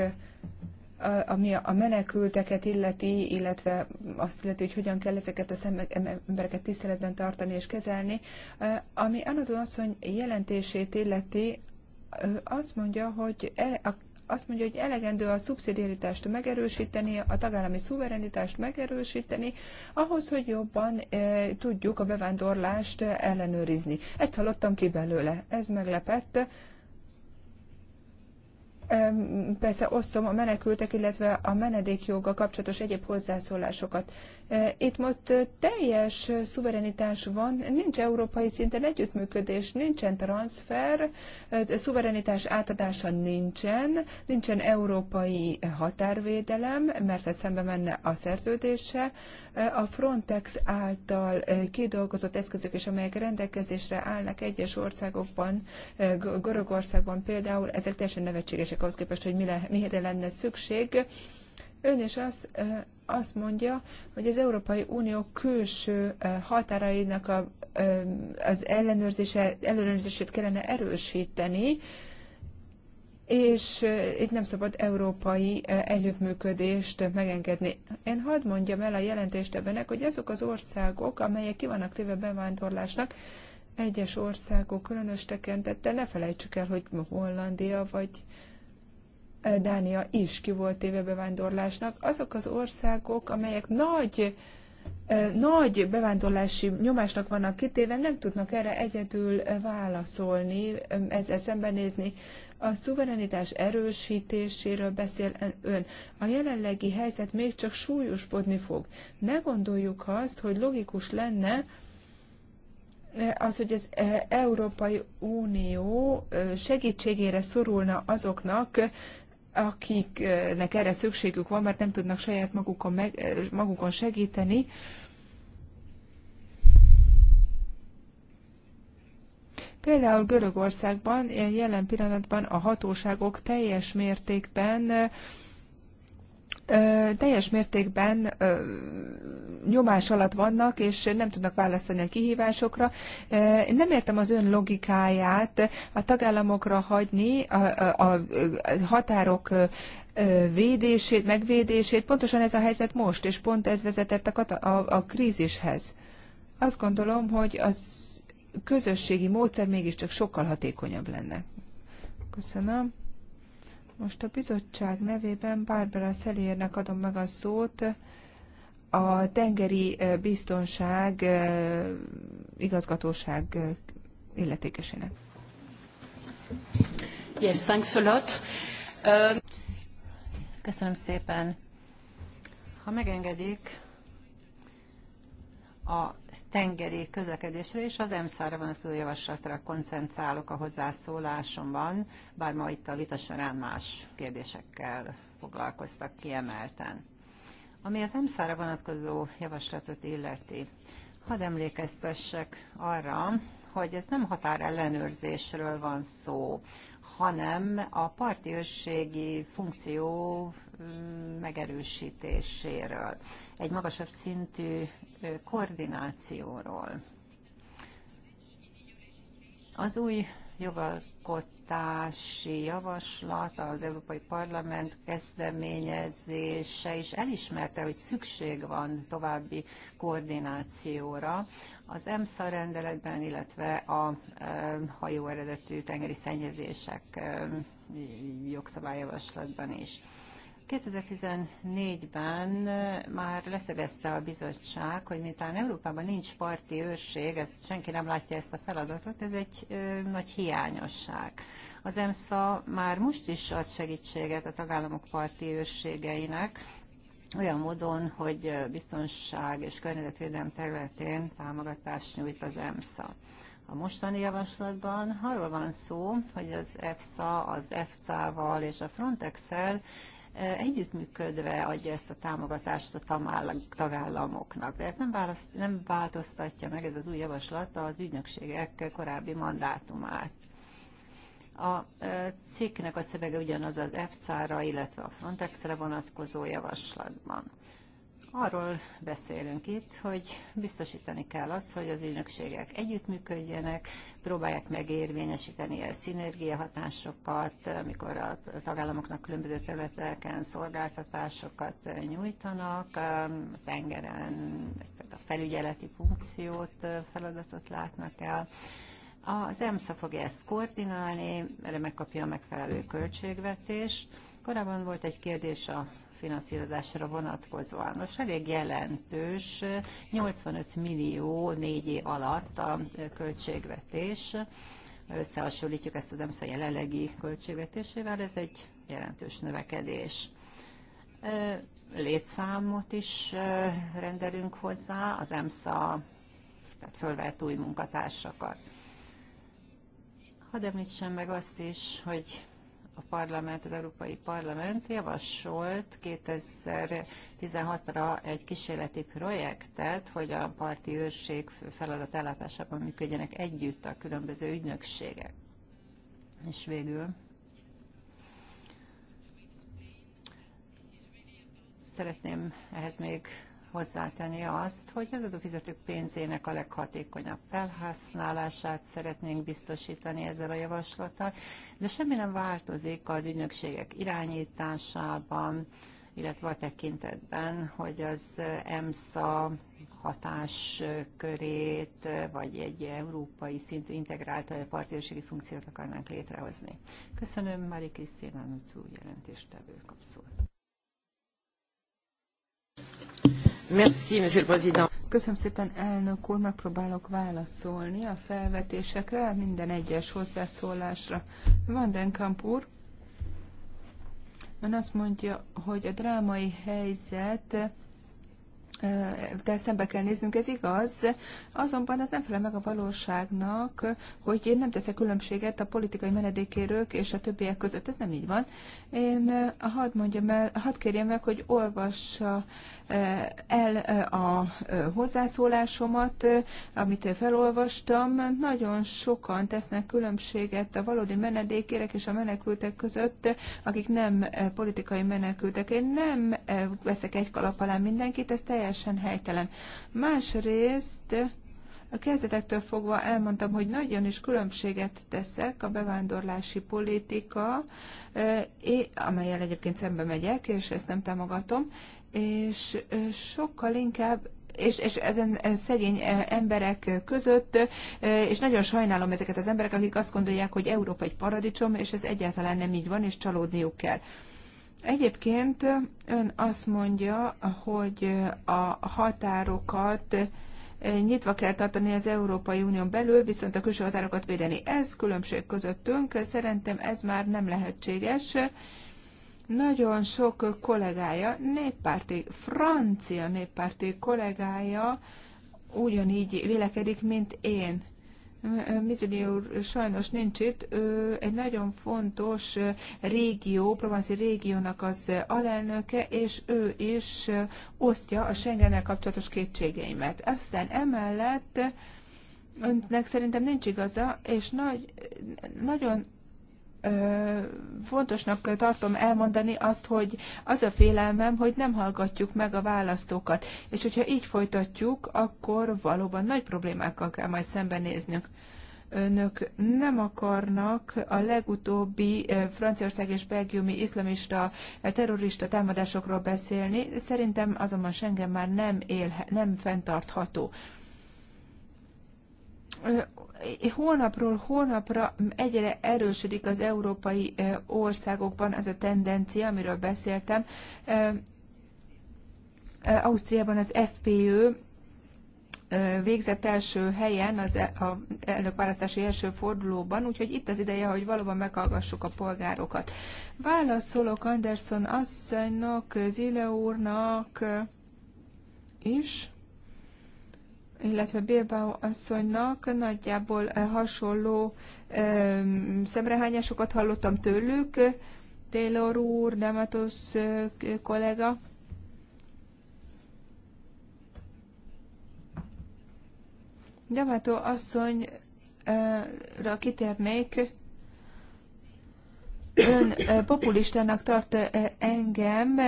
ami a menekülteket illeti, illetve azt illeti, hogy hogyan kell ezeket az embereket tiszteletben tartani és kezelni. Ami Anadó asszony jelentését illeti, azt mondja, hogy e, a azt mondja, hogy elegendő a szubszidiaritást megerősíteni, a tagállami szuverenitást megerősíteni, ahhoz, hogy jobban e, tudjuk a bevándorlást ellenőrizni. Ezt hallottam ki belőle. Ez meglepett persze osztom a menekültek, illetve a menedékjoga kapcsolatos egyéb hozzászólásokat. Itt most teljes szuverenitás van, nincs európai szinten együttműködés, nincsen transfer, szuverenitás átadása nincsen, nincsen európai határvédelem, mert ez szembe menne a szerződése. A Frontex által kidolgozott eszközök is, amelyek rendelkezésre állnak egyes országokban, Görögországban például, ezek teljesen nevetségesek megfogalmazták ahhoz képest, hogy mire, mire lenne szükség. Ön is azt, azt mondja, hogy az Európai Unió külső határainak a, az ellenőrzése, ellenőrzését kellene erősíteni, és itt nem szabad európai együttműködést megengedni. Én hadd mondjam el a ebbenek, hogy azok az országok, amelyek ki vannak téve bevándorlásnak, egyes országok különös tekintettel, ne felejtsük el, hogy Hollandia vagy Dánia is ki volt téve bevándorlásnak. Azok az országok, amelyek nagy nagy bevándorlási nyomásnak vannak kitéve, nem tudnak erre egyedül válaszolni, ezzel szembenézni. A szuverenitás erősítéséről beszél ön. A jelenlegi helyzet még csak súlyosbodni fog. Ne gondoljuk azt, hogy logikus lenne, az, hogy az Európai Unió segítségére szorulna azoknak, akiknek erre szükségük van, mert nem tudnak saját magukon, meg, magukon segíteni. Például Görögországban jelen pillanatban a hatóságok teljes mértékben teljes mértékben nyomás alatt vannak, és nem tudnak választani a kihívásokra. Én nem értem az ön logikáját a tagállamokra hagyni a, a, a határok védését, megvédését. Pontosan ez a helyzet most, és pont ez vezetett a, kata- a, a krízishez. Azt gondolom, hogy az közösségi módszer mégiscsak sokkal hatékonyabb lenne. Köszönöm. Most a bizottság nevében Barbara Szelérnek adom meg a szót, a tengeri biztonság igazgatóság illetékesének. Yes, thanks a lot. Köszönöm szépen. Ha megengedik, a tengeri közlekedésre és az EMSZ-ra vonatkozó javaslatra koncentrálok a hozzászólásomban, bár ma itt a vita során más kérdésekkel foglalkoztak kiemelten. Ami az EMSZ-ra vonatkozó javaslatot illeti, hadd emlékeztessek arra, hogy ez nem határellenőrzésről van szó, hanem a parti őrségi funkció mm, megerősítéséről. Egy magasabb szintű koordinációról. Az új jogalkotási javaslat, az Európai Parlament kezdeményezése is elismerte, hogy szükség van további koordinációra. Az EMSZA rendeletben, illetve a e, hajó eredetű tengeri szennyezések e, jogszabályjavaslatban is. 2014-ben már leszögezte a bizottság, hogy miután Európában nincs parti őrség, ez, senki nem látja ezt a feladatot, ez egy ö, nagy hiányosság. Az EMSZA már most is ad segítséget a tagállamok parti őrségeinek, olyan módon, hogy biztonság és környezetvédelem területén támogatást nyújt az EMSZA. A mostani javaslatban arról van szó, hogy az EFSA, az EFCA-val és a Frontex-el együttműködve adja ezt a támogatást a tagállamoknak. De ez nem, választ, nem változtatja meg ez az új javaslat az ügynökségek korábbi mandátumát. A cikknek a szövege ugyanaz az efca ra illetve a Frontex-re vonatkozó javaslatban. Arról beszélünk itt, hogy biztosítani kell azt, hogy az ügynökségek együttműködjenek, próbálják megérvényesíteni a szinergiahatásokat, amikor a tagállamoknak különböző területeken szolgáltatásokat nyújtanak, a um, tengeren a felügyeleti funkciót, uh, feladatot látnak el. Az EMSZA fogja ezt koordinálni, erre megkapja a megfelelő költségvetést. Korábban volt egy kérdés a finanszírozásra vonatkozóan. Most elég jelentős, 85 millió négy év alatt a költségvetés. Összehasonlítjuk ezt az EMSZ jelenlegi költségvetésével, ez egy jelentős növekedés létszámot is rendelünk hozzá, az EMSZA tehát fölvett új munkatársakat. Hadd említsem meg azt is, hogy a parlament, az Európai Parlament javasolt 2016-ra egy kísérleti projektet, hogy a parti őrség feladat ellátásában működjenek együtt a különböző ügynökségek. És végül szeretném ehhez még hozzátenni azt, hogy az adófizetők pénzének a leghatékonyabb felhasználását szeretnénk biztosítani ezzel a javaslattal, de semmi nem változik az ügynökségek irányításában, illetve a tekintetben, hogy az EMSA hatáskörét, vagy egy európai szintű integrált partnerségi funkciót akarnánk létrehozni. Köszönöm, Mari Krisztina Nucú jelentéstevő kapszul. Merci, Monsieur le Président. Köszönöm szépen, elnök úr, megpróbálok válaszolni a felvetésekre, minden egyes hozzászólásra. Van Denkamp úr, ön azt mondja, hogy a drámai helyzet de szembe kell néznünk, ez igaz, azonban az nem felel meg a valóságnak, hogy én nem teszek különbséget a politikai menedékérők és a többiek között. Ez nem így van. Én hadd mondjam el, hadd kérjem meg, hogy olvassa el a hozzászólásomat, amit felolvastam. Nagyon sokan tesznek különbséget a valódi menedékérek és a menekültek között, akik nem politikai menekültek. Én nem veszek egy kalap alá mindenkit, ez teljesen teljesen helytelen. Másrészt a kezdetektől fogva elmondtam, hogy nagyon is különbséget teszek a bevándorlási politika, amelyel egyébként szembe megyek, és ezt nem támogatom, és sokkal inkább és, és ezen e, szegény e, emberek között, és nagyon sajnálom ezeket az emberek, akik azt gondolják, hogy Európa egy paradicsom, és ez egyáltalán nem így van, és csalódniuk kell. Egyébként ön azt mondja, hogy a határokat nyitva kell tartani az Európai Unión belül, viszont a külső határokat védeni. Ez különbség közöttünk, szerintem ez már nem lehetséges. Nagyon sok kollégája, néppárti, francia néppárti kollégája ugyanígy vélekedik, mint én. Mizuni úr sajnos nincs itt, ő egy nagyon fontos régió, provanszi régiónak az alelnöke, és ő is osztja a Schengennel kapcsolatos kétségeimet. Aztán emellett önnek szerintem nincs igaza, és nagy, nagyon fontosnak tartom elmondani azt, hogy az a félelmem, hogy nem hallgatjuk meg a választókat. És hogyha így folytatjuk, akkor valóban nagy problémákkal kell majd szembenéznünk. Önök nem akarnak a legutóbbi Franciaország és belgiumi iszlamista terrorista támadásokról beszélni, szerintem azonban Schengen már nem, él, nem fenntartható hónapról hónapra egyre erősödik az európai országokban az a tendencia, amiről beszéltem. Ausztriában az FPÖ végzett első helyen az e, a elnökválasztási első fordulóban, úgyhogy itt az ideje, hogy valóban meghallgassuk a polgárokat. Válaszolok Anderson asszonynak, Zile úrnak is illetve Bilbao asszonynak nagyjából eh, hasonló szemrehányásokat hallottam tőlük, Taylor úr, Dematos eh, kollega. Demato asszonyra kitérnék, ön populistának tart engem,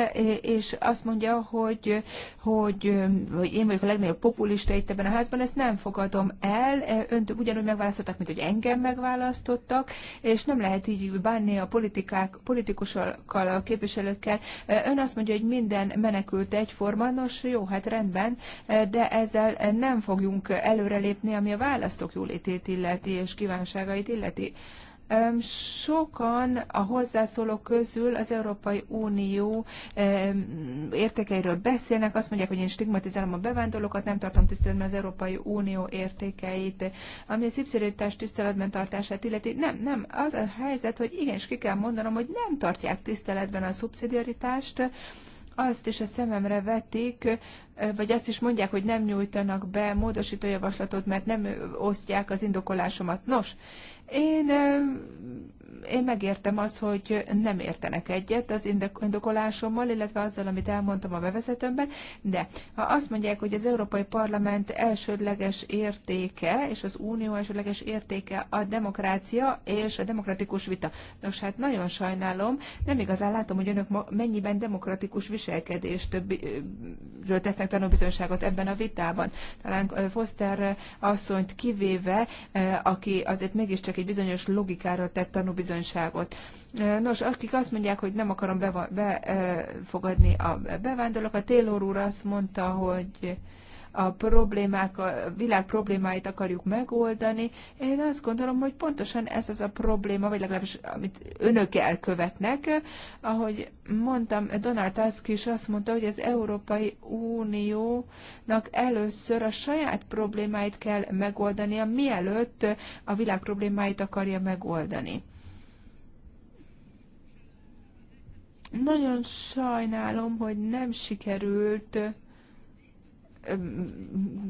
és azt mondja, hogy, hogy, hogy én vagyok a legnagyobb populista itt ebben a házban, ezt nem fogadom el. Önt ugyanúgy megválasztottak, mint hogy engem megválasztottak, és nem lehet így bánni a politikák, politikusokkal, a képviselőkkel. Ön azt mondja, hogy minden menekült egyforma, nos jó, hát rendben, de ezzel nem fogjunk előrelépni, ami a választók jólétét illeti és kívánságait illeti. Sokan a hozzászólók közül az Európai Unió értékeiről beszélnek, azt mondják, hogy én stigmatizálom a bevándorlókat, nem tartom tiszteletben az Európai Unió értékeit, ami a szipszerűtás tiszteletben tartását illeti. Nem, nem, az a helyzet, hogy igenis ki kell mondanom, hogy nem tartják tiszteletben a szubszidiaritást, azt is a szememre vetik, vagy azt is mondják, hogy nem nyújtanak be módosító javaslatot, mert nem osztják az indokolásomat. Nos, én én megértem azt, hogy nem értenek egyet az indokolásommal, illetve azzal, amit elmondtam a bevezetőmben, de ha azt mondják, hogy az Európai Parlament elsődleges értéke, és az Unió elsődleges értéke a demokrácia és a demokratikus vita. Nos, hát nagyon sajnálom, nem igazán látom, hogy önök mennyiben demokratikus viselkedést tesznek tanúbizonyságot ebben a vitában. Talán Foster asszonyt kivéve, aki azért mégiscsak egy bizonyos logikára tett tanúbizonyságot, bizonyságot. Nos, akik azt mondják, hogy nem akarom befogadni a bevándorlókat, Taylor úr azt mondta, hogy a problémák, a világ problémáit akarjuk megoldani. Én azt gondolom, hogy pontosan ez az a probléma, vagy legalábbis amit önök elkövetnek. Ahogy mondtam, Donald Tusk is azt mondta, hogy az Európai Uniónak először a saját problémáit kell megoldania, mielőtt a világ problémáit akarja megoldani. Nagyon sajnálom, hogy nem sikerült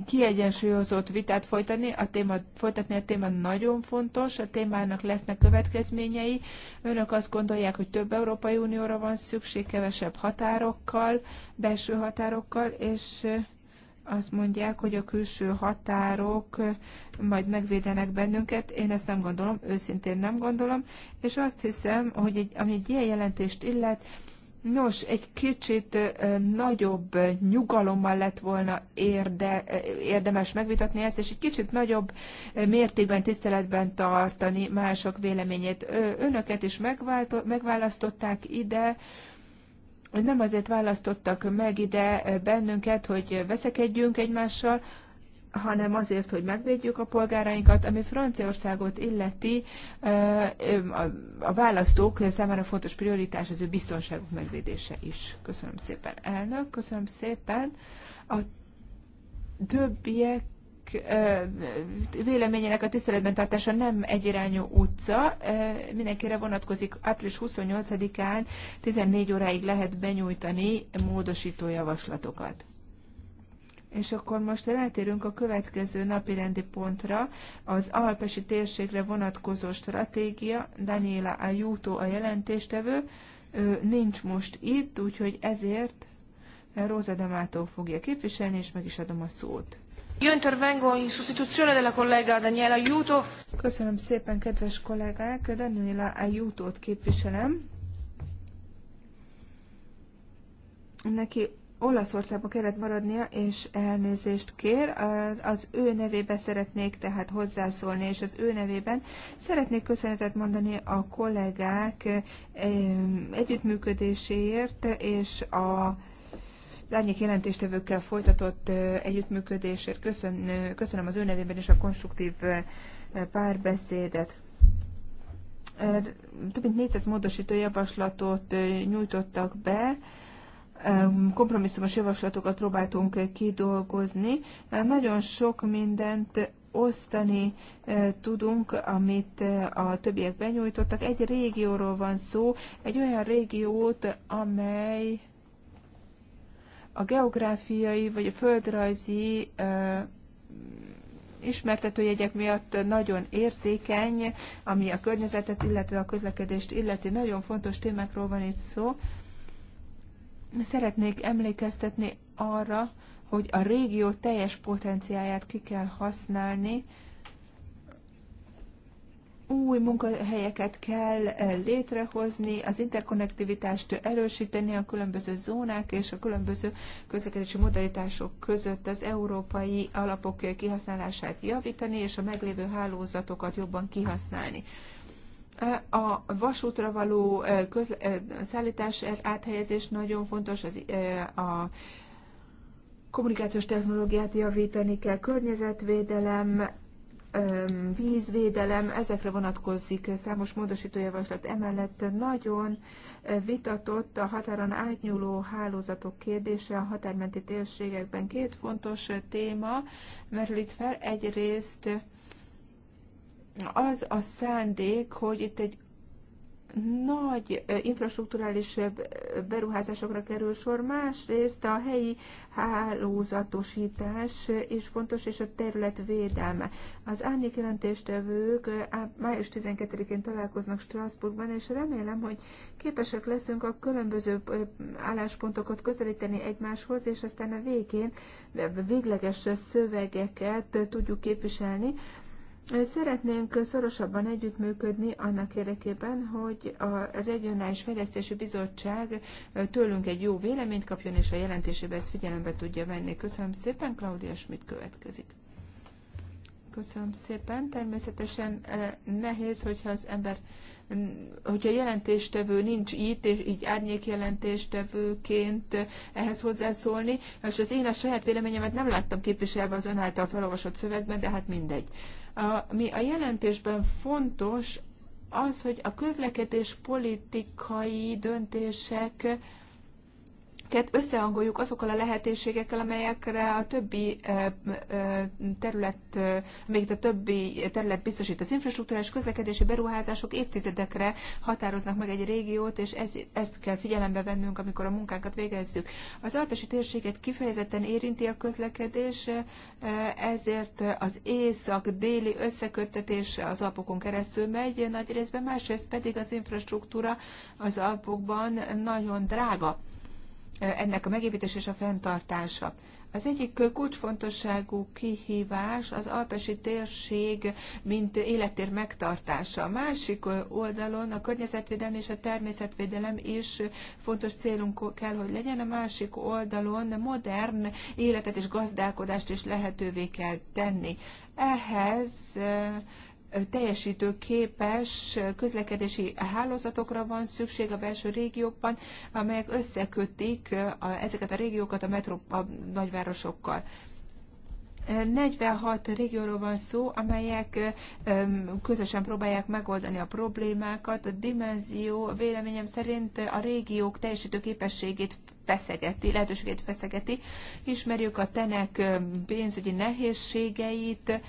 kiegyensúlyozott vitát folytatni. A téma, folytatni a téma nagyon fontos, a témának lesznek következményei. Önök azt gondolják, hogy több Európai Unióra van szükség, kevesebb határokkal, belső határokkal, és azt mondják, hogy a külső határok majd megvédenek bennünket. Én ezt nem gondolom, őszintén nem gondolom, és azt hiszem, hogy egy, ami egy ilyen jelentést illet, Nos, egy kicsit nagyobb nyugalommal lett volna érde, érdemes megvitatni ezt, és egy kicsit nagyobb mértékben tiszteletben tartani mások véleményét. Önöket is megválasztották ide, nem azért választottak meg ide bennünket, hogy veszekedjünk egymással, hanem azért, hogy megvédjük a polgárainkat, ami Franciaországot illeti, a választók számára fontos prioritás az ő biztonságuk megvédése is. Köszönöm szépen, elnök, köszönöm szépen. A többiek véleményének a tiszteletben tartása nem egyirányú utca, mindenkire vonatkozik április 28-án 14 óráig lehet benyújtani módosító javaslatokat. És akkor most rátérünk a következő napi rendi pontra, az Alpesi térségre vonatkozó stratégia, Daniela Ajuto a jelentéstevő, ő nincs most itt, úgyhogy ezért Róza Demától fogja képviselni, és meg is adom a szót. Io intervengo in sostituzione della collega Daniela Aiuto. Köszönöm szépen, kedves kollégák! Daniela Aiutót képviselem. Neki Olaszországba kellett maradnia, és elnézést kér. Az ő nevébe szeretnék tehát hozzászólni, és az ő nevében szeretnék köszönetet mondani a kollégák eh, együttműködéséért, és a az árnyék jelentéstevőkkel folytatott együttműködésért. Köszön, köszönöm az ő nevében is a konstruktív párbeszédet. Több mint 400 módosító javaslatot nyújtottak be, kompromisszumos javaslatokat próbáltunk kidolgozni. Nagyon sok mindent osztani tudunk, amit a többiek benyújtottak. Egy régióról van szó, egy olyan régiót, amely a geográfiai vagy a földrajzi jegyek miatt nagyon érzékeny, ami a környezetet, illetve a közlekedést illeti. Nagyon fontos témákról van itt szó. Szeretnék emlékeztetni arra, hogy a régió teljes potenciáját ki kell használni, új munkahelyeket kell eh, létrehozni, az interkonnektivitást erősíteni a különböző zónák és a különböző közlekedési modalitások között az európai alapok kihasználását javítani, és a meglévő hálózatokat jobban kihasználni. Eh, a vasútra való eh, közle- szállítás áthelyezés nagyon fontos, az, a kommunikációs technológiát javítani kell, környezetvédelem, vízvédelem, ezekre vonatkozik számos módosítójavaslat. Emellett nagyon vitatott a határon átnyúló hálózatok kérdése a határmenti térségekben. Két fontos téma merül itt fel. Egyrészt az a szándék, hogy itt egy nagy infrastruktúrális beruházásokra kerül sor, másrészt a helyi hálózatosítás is fontos, és a terület védelme. Az jelentéstevők május 12-én találkoznak Strasbourgban, és remélem, hogy képesek leszünk a különböző álláspontokat közelíteni egymáshoz, és aztán a végén végleges szövegeket tudjuk képviselni, Szeretnénk szorosabban együttműködni annak érdekében, hogy a Regionális Fejlesztési Bizottság tőlünk egy jó véleményt kapjon, és a jelentésébe ezt figyelembe tudja venni. Köszönöm szépen, Claudia Schmidt következik. Köszönöm szépen. Természetesen nehéz, hogyha az ember, hogyha jelentéstevő nincs itt, és így árnyék jelentéstevőként ehhez hozzászólni, és az én a saját véleményemet nem láttam képviselve az ön által felolvasott szövegben, de hát mindegy. Ami a jelentésben fontos, az, hogy a közlekedés politikai döntések összehangoljuk azokkal a lehetőségekkel, amelyekre a többi terület, amelyeket a többi terület biztosít. Az infrastruktúrás közlekedési beruházások évtizedekre határoznak meg egy régiót, és ez, ezt kell figyelembe vennünk, amikor a munkánkat végezzük. Az alpesi térséget kifejezetten érinti a közlekedés, ezért az észak-déli összeköttetés az alpokon keresztül megy nagy részben, másrészt pedig az infrastruktúra az alpokban nagyon drága ennek a megépítés és a fenntartása. Az egyik kulcsfontosságú kihívás az alpesi térség, mint élettér megtartása. A másik oldalon a környezetvédelem és a természetvédelem is fontos célunk kell, hogy legyen. A másik oldalon modern életet és gazdálkodást is lehetővé kell tenni. Ehhez teljesítőképes közlekedési hálózatokra van szükség a belső régiókban, amelyek összekötik a, ezeket a régiókat a, metro, a nagyvárosokkal. 46 régióról van szó, amelyek közösen próbálják megoldani a problémákat. A dimenzió véleményem szerint a régiók teljesítő képességét feszegeti, lehetőségét feszegeti. Ismerjük a tenek pénzügyi nehézségeit,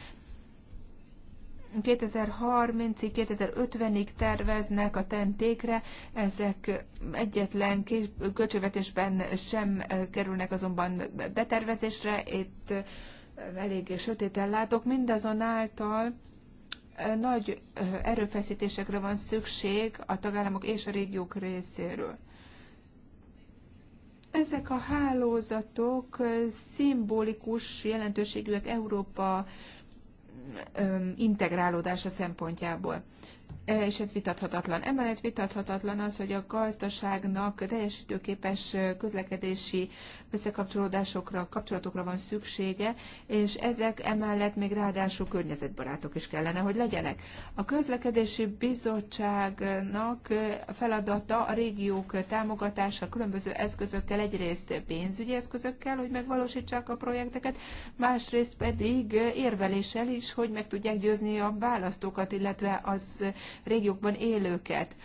2030-ig, 2050-ig terveznek a tentékre, ezek egyetlen költségvetésben sem kerülnek azonban betervezésre, itt eléggé sötéten látok, mindazonáltal nagy erőfeszítésekre van szükség a tagállamok és a régiók részéről. Ezek a hálózatok szimbolikus jelentőségűek Európa integrálódása szempontjából. E, és ez vitathatatlan. Emellett vitathatatlan az, hogy a gazdaságnak teljesítőképes közlekedési összekapcsolódásokra, kapcsolatokra van szüksége, és ezek emellett még ráadásul környezetbarátok is kellene, hogy legyenek. A közlekedési bizottságnak feladata a régiók támogatása különböző eszközökkel, egyrészt pénzügyi eszközökkel, hogy megvalósítsák a projekteket, másrészt pedig érveléssel is, hogy meg tudják győzni a választókat, illetve az régiókban élőket.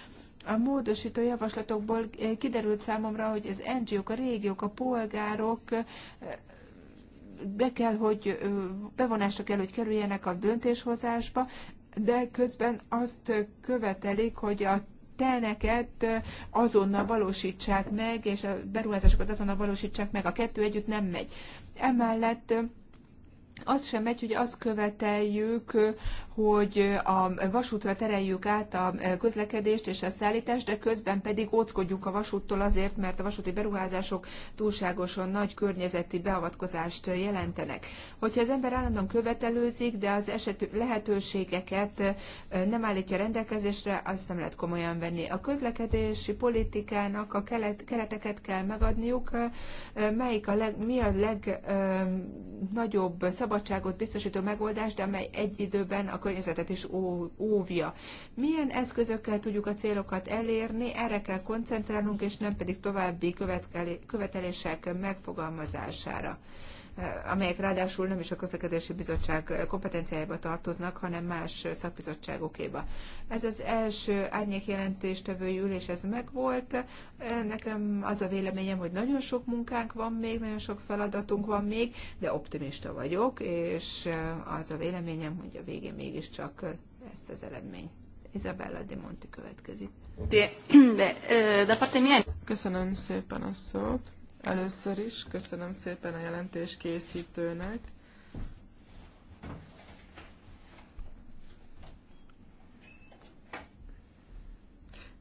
A módosító javaslatokból eh, kiderült számomra, hogy az NGO-k, a régiók, a polgárok eh, be kell, hogy eh, bevonásra kell, hogy kerüljenek a döntéshozásba, de közben azt követelik, hogy a telneket azonnal valósítsák meg, és a beruházásokat azonnal valósítsák meg, a kettő együtt nem megy. Emellett az sem megy, hogy azt követeljük hogy a vasútra tereljük át a közlekedést és a szállítást, de közben pedig óckodjunk a vasúttól azért, mert a vasúti beruházások túlságosan nagy környezeti beavatkozást jelentenek. Hogyha az ember állandóan követelőzik, de az eset lehetőségeket nem állítja rendelkezésre, azt nem lehet komolyan venni. A közlekedési politikának a kereteket kell megadniuk, melyik a leg, mi a legnagyobb szabadságot biztosító megoldás, de amely egy időben a környezetet is óvja. Milyen eszközökkel tudjuk a célokat elérni, erre kell koncentrálnunk, és nem pedig további követelések megfogalmazására amelyek ráadásul nem is a közlekedési bizottság kompetenciájába tartoznak, hanem más szakbizottságokéba. Ez az első árnyék jelentéstevői ülés, ez megvolt. Nekem az a véleményem, hogy nagyon sok munkánk van még, nagyon sok feladatunk van még, de optimista vagyok, és az a véleményem, hogy a végén mégiscsak lesz az eredmény. Isabella De Monti következik. Eh, Köszönöm szépen a szót. Először is köszönöm szépen a jelentés készítőnek.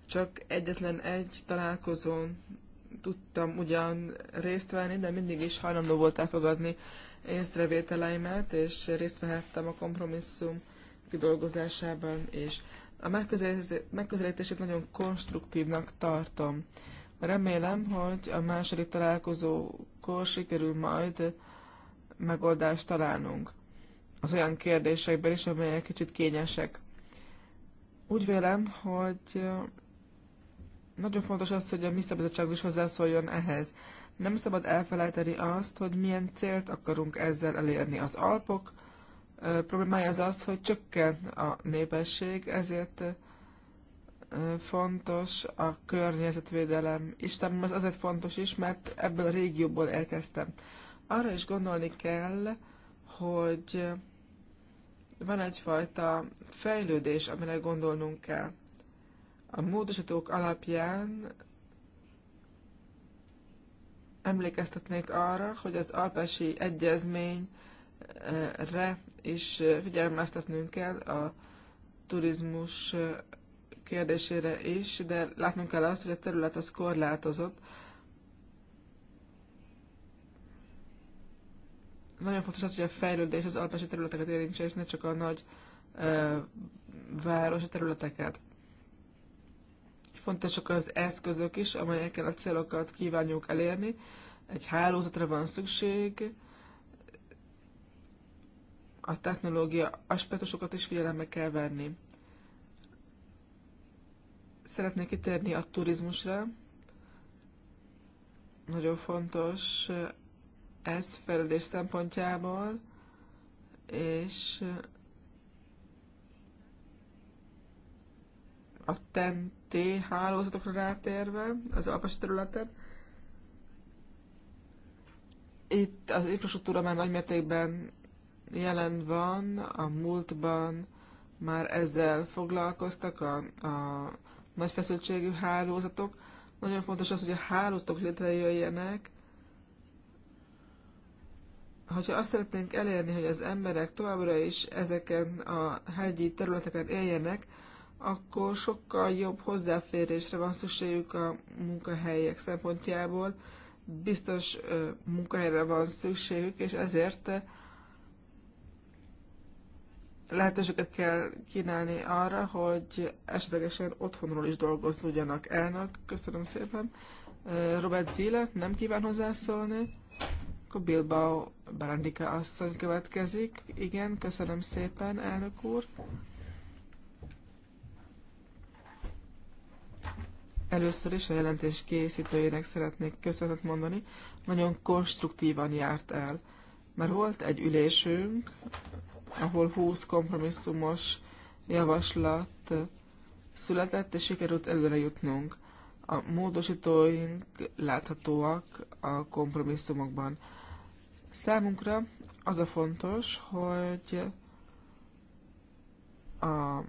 Csak egyetlen egy találkozón tudtam ugyan részt venni, de mindig is hajlandó volt elfogadni észrevételeimet, és részt vehettem a kompromisszum kidolgozásában, és a megközelítését nagyon konstruktívnak tartom. Remélem, hogy a második találkozókor sikerül majd megoldást találnunk az olyan kérdésekben is, amelyek kicsit kényesek. Úgy vélem, hogy nagyon fontos az, hogy a mi szabadság is hozzászóljon ehhez. Nem szabad elfelejteni azt, hogy milyen célt akarunk ezzel elérni. Az Alpok problémája az az, hogy csökken a népesség, ezért fontos a környezetvédelem, és számomra az azért fontos is, mert ebből a régióból érkeztem. Arra is gondolni kell, hogy van egyfajta fejlődés, amire gondolnunk kell. A módosítók alapján emlékeztetnék arra, hogy az alpesi egyezményre is figyelmeztetnünk kell a turizmus kérdésére is, de látnunk kell azt, hogy a terület az korlátozott. Nagyon fontos az, hogy a fejlődés az alpesi területeket érintse, és ne csak a nagy ö, városi területeket. Fontosak az eszközök is, amelyekkel a célokat kívánjuk elérni. Egy hálózatra van szükség, a technológia aspektusokat is figyelembe kell venni. Szeretnék kitérni a turizmusra. Nagyon fontos ez fejlődés szempontjából, és a TNT hálózatokra rátérve az alpasi területen. Itt az infrastruktúra már nagymértékben jelen van, a múltban már ezzel foglalkoztak a, a nagy feszültségű hálózatok. Nagyon fontos az, hogy a hálózatok létrejöjjenek. Hogyha azt szeretnénk elérni, hogy az emberek továbbra is ezeken a hegyi területeken éljenek, akkor sokkal jobb hozzáférésre van szükségük a munkahelyek szempontjából, biztos munkahelyre van szükségük, és ezért lehetőséget kell kínálni arra, hogy esetlegesen otthonról is dolgozzanak elnök. Köszönöm szépen. Robert Zile nem kíván hozzászólni. Akkor Bilbao Barandika asszony következik. Igen, köszönöm szépen, elnök úr. Először is a jelentés készítőjének szeretnék köszönet mondani. Nagyon konstruktívan járt el. Mert volt egy ülésünk ahol 20 kompromisszumos javaslat született, és sikerült előre jutnunk. A módosítóink láthatóak a kompromisszumokban. Számunkra az a fontos, hogy a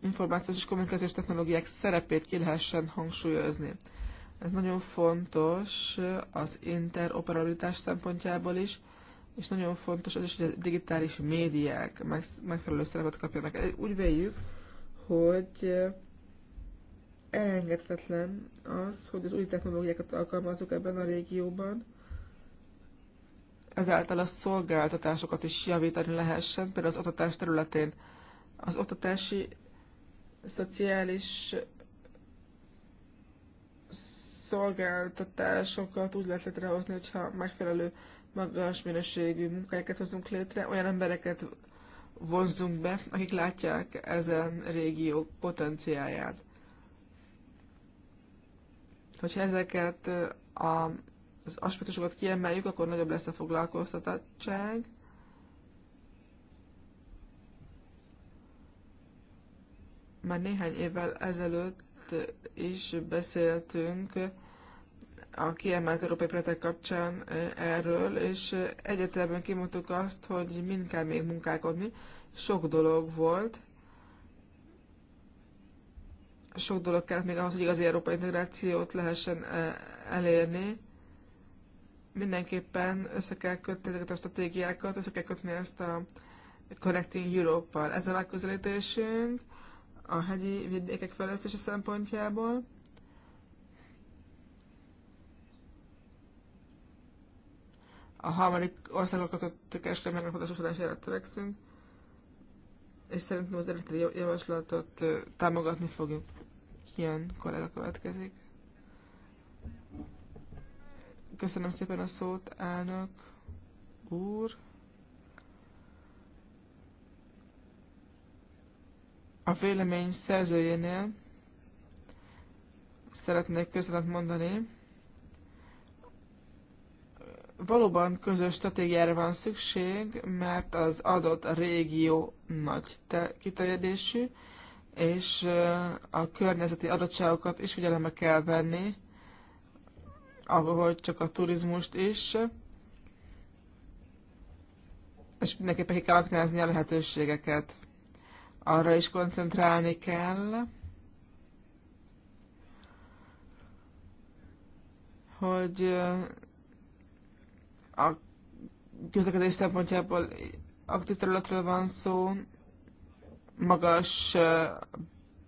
információs és kommunikációs technológiák szerepét ki lehessen hangsúlyozni. Ez nagyon fontos az interoperabilitás szempontjából is, és nagyon fontos az is, hogy a digitális médiák megfelelő szerepet kapjanak. Úgy véljük, hogy elengedhetetlen az, hogy az új technológiákat alkalmazzuk ebben a régióban, ezáltal a szolgáltatásokat is javítani lehessen, például az oktatás területén. Az oktatási szociális szolgáltatásokat úgy lehet létrehozni, hogyha megfelelő magas minőségű munkáikat hozunk létre, olyan embereket vonzunk be, akik látják ezen régiók potenciáját. Hogyha ezeket a, az aspektusokat kiemeljük, akkor nagyobb lesz a foglalkoztatottság. Már néhány évvel ezelőtt is beszéltünk a kiemelt európai projektek kapcsán erről, és egyetemben kimondtuk azt, hogy mind kell még munkálkodni. Sok dolog volt, sok dolog kellett még ahhoz, hogy igazi európai integrációt lehessen elérni. Mindenképpen össze kell kötni ezeket a stratégiákat, össze kell kötni ezt a Connecting europe val Ez a megközelítésünk a hegyi vidékek fejlesztése szempontjából a harmadik országokat a kereskedelmi megállapodások adására törekszünk, és szerintem az eredeti javaslatot támogatni fogjuk. Ilyen kollega következik. Köszönöm szépen a szót, elnök úr. A vélemény szerzőjénél szeretnék köszönet mondani valóban közös stratégiára van szükség, mert az adott régió nagy kiterjedésű, és a környezeti adottságokat is figyelembe kell venni, ahogy csak a turizmust is, és mindenképpen ki kell aknázni a lehetőségeket. Arra is koncentrálni kell, hogy a közlekedés szempontjából aktív területről van szó, magas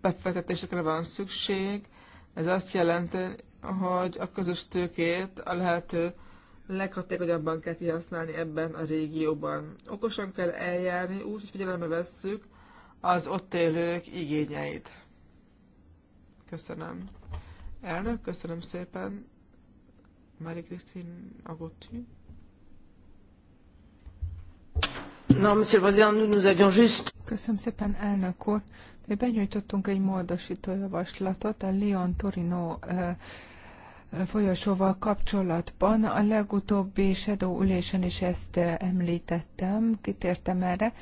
befektetésekre van szükség. Ez azt jelenti, hogy a közös tőkét a lehető leghatékonyabban kell kihasználni ebben a régióban. Okosan kell eljárni, úgy, hogy figyelembe vesszük az ott élők igényeit. Köszönöm. Elnök, köszönöm szépen. Mari Krisztin Agotti. No, monsieur le président, nous, nous avions juste... Köszönöm szépen, elnök úr. Mi benyújtottunk egy módosító javaslatot a lyon Torino folyosóval kapcsolatban. A legutóbbi Shadow ülésen is ezt említettem, kitértem erre.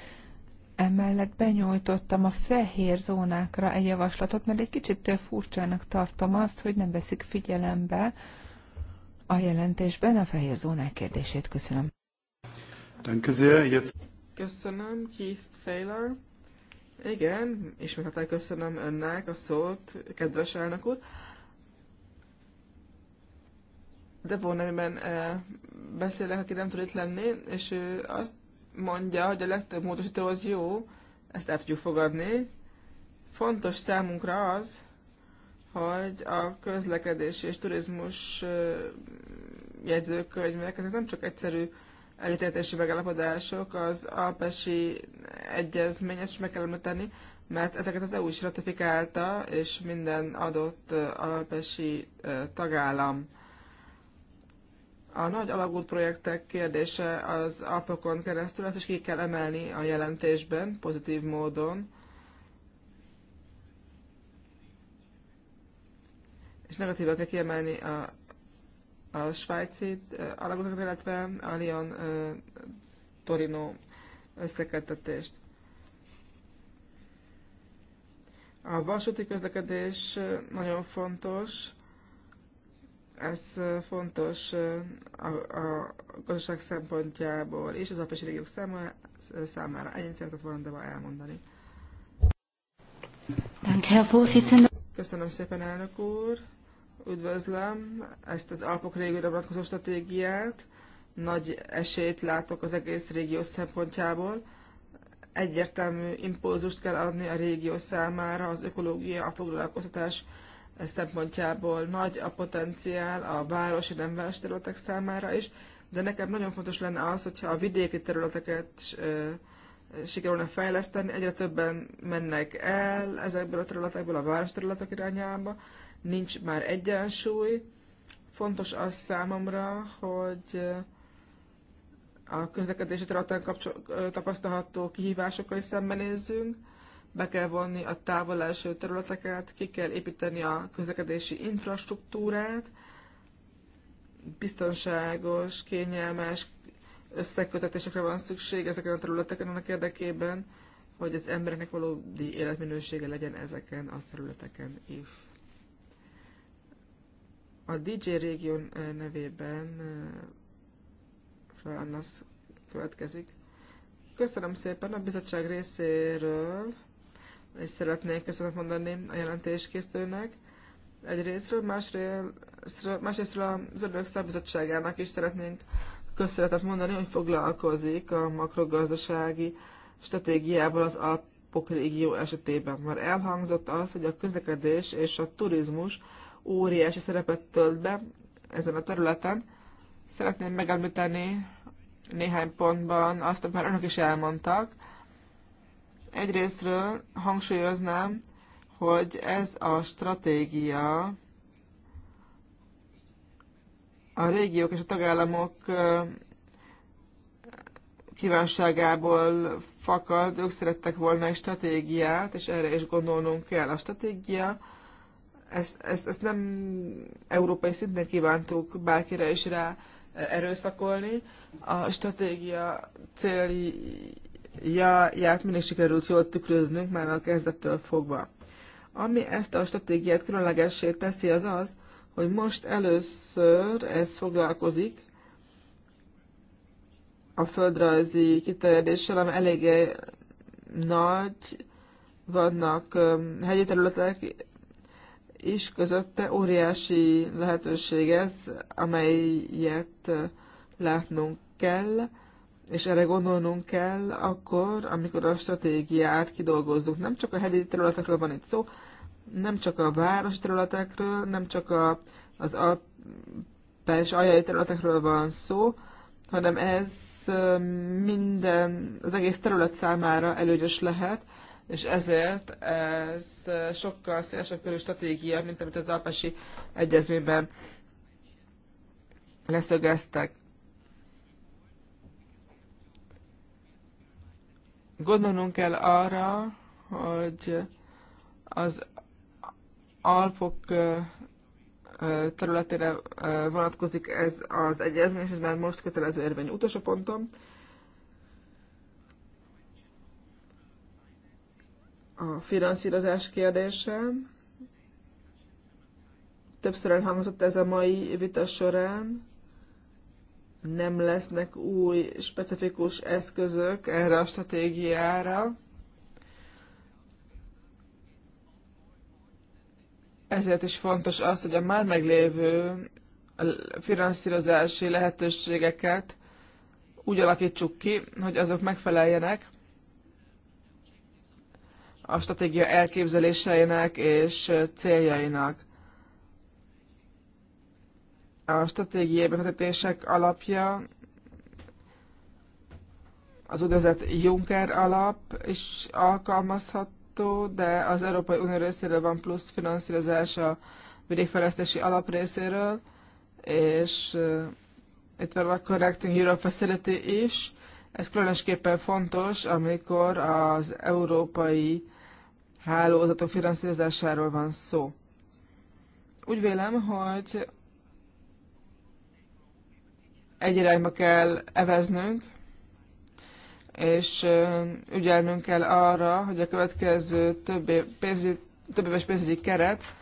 Emellett benyújtottam a fehér zónákra egy javaslatot, mert egy kicsit furcsának tartom azt, hogy nem veszik figyelembe a jelentésben a fehér zónák kérdését. Köszönöm. Köszönöm, Keith Taylor. Igen, ismételten köszönöm önnek a szót, kedves elnök úr. De volna, amiben e, beszélek, aki nem tud itt lenni, és ő azt mondja, hogy a legtöbb módosító az jó, ezt el tudjuk fogadni. Fontos számunkra az, hogy a közlekedés és turizmus eh, jegyzőkönyvek, ezek nem csak egyszerű egyetértési megállapodások, az Alpesi Egyezmény, ezt is meg kell említeni, mert ezeket az EU is ratifikálta, és minden adott alpesi tagállam. A nagy alagút projektek kérdése az alpokon keresztül, ezt is ki kell emelni a jelentésben pozitív módon. És negatívan kell kiemelni a a svájci alagutat, illetve a Lyon Torino összekettetést. A vasúti közlekedés nagyon fontos, ez fontos a, a gazdaság szempontjából és az apesi régiók számára. számára. Ennyit szeretett volna de elmondani. Köszönöm szépen, elnök úr! üdvözlöm ezt az Alpok régióra vonatkozó stratégiát. Nagy esélyt látok az egész régió szempontjából. Egyértelmű impulzust kell adni a régió számára az ökológia, a foglalkoztatás szempontjából. Nagy a potenciál a városi, nem város területek számára is, de nekem nagyon fontos lenne az, hogyha a vidéki területeket sikerülne fejleszteni, egyre többen mennek el ezekből a területekből a város területek irányába, nincs már egyensúly. Fontos az számomra, hogy a közlekedési területen tapasztalható kihívásokkal is szembenézzünk, be kell vonni a távol első területeket, ki kell építeni a közlekedési infrastruktúrát, biztonságos, kényelmes összekötetésekre van szükség ezeken a területeken annak érdekében, hogy az embereknek valódi életminősége legyen ezeken a területeken is. A DJ régió nevében Franz következik. Köszönöm szépen a bizottság részéről, és szeretnék köszönet mondani a jelentéskészítőnek egyrésztről, másrésztről, másrésztről az önök szakbizottságának is szeretnénk köszönetet mondani, hogy foglalkozik a makrogazdasági stratégiával az Alpok régió esetében. Már elhangzott az, hogy a közlekedés és a turizmus óriási szerepet tölt be ezen a területen. Szeretném megemlíteni néhány pontban azt, amit már önök is elmondtak. Egyrésztről hangsúlyoznám, hogy ez a stratégia a régiók és a tagállamok kívánságából fakad, ők szerettek volna egy stratégiát, és erre is gondolnunk kell. A stratégia ezt, ezt, ezt nem európai szinten kívántuk bárkire is rá e, erőszakolni. A stratégia céljáját mindig sikerült jól tükröznünk már a kezdettől fogva. Ami ezt a stratégiát különlegessé teszi, az az, hogy most először ez foglalkozik a földrajzi kiterjedéssel, ami eléggé nagy, vannak hegyi területek, is közötte óriási lehetőség ez, amelyet látnunk kell, és erre gondolnunk kell akkor, amikor a stratégiát kidolgozzuk. Nem csak a hegyi területekről van itt szó, nem csak a város területekről, nem csak a, az alpes aljai területekről van szó, hanem ez minden, az egész terület számára előnyös lehet, és ezért ez sokkal szélesebb körű stratégia, mint amit az Alpesi Egyezményben leszögeztek. Gondolnunk kell arra, hogy az Alpok területére vonatkozik ez az egyezmény, és ez már most kötelező érvényű utolsó pontom. a finanszírozás kérdése. Többször elhangzott ez a mai vita során. Nem lesznek új specifikus eszközök erre a stratégiára. Ezért is fontos az, hogy a már meglévő finanszírozási lehetőségeket úgy alakítsuk ki, hogy azok megfeleljenek a stratégia elképzeléseinek és céljainak. A stratégiai befektetések alapja az úgynevezett Juncker alap is alkalmazható, de az Európai Unió részéről van plusz finanszírozás a vidékfejlesztési alap részéről, és eh, itt van a Correcting Europe Facility is. Ez különösképpen fontos, amikor az európai hálózatok finanszírozásáról van szó. Úgy vélem, hogy egy irányba kell eveznünk, és ügyelnünk kell arra, hogy a következő több, év, pénzügyi, több éves pénzügyi keret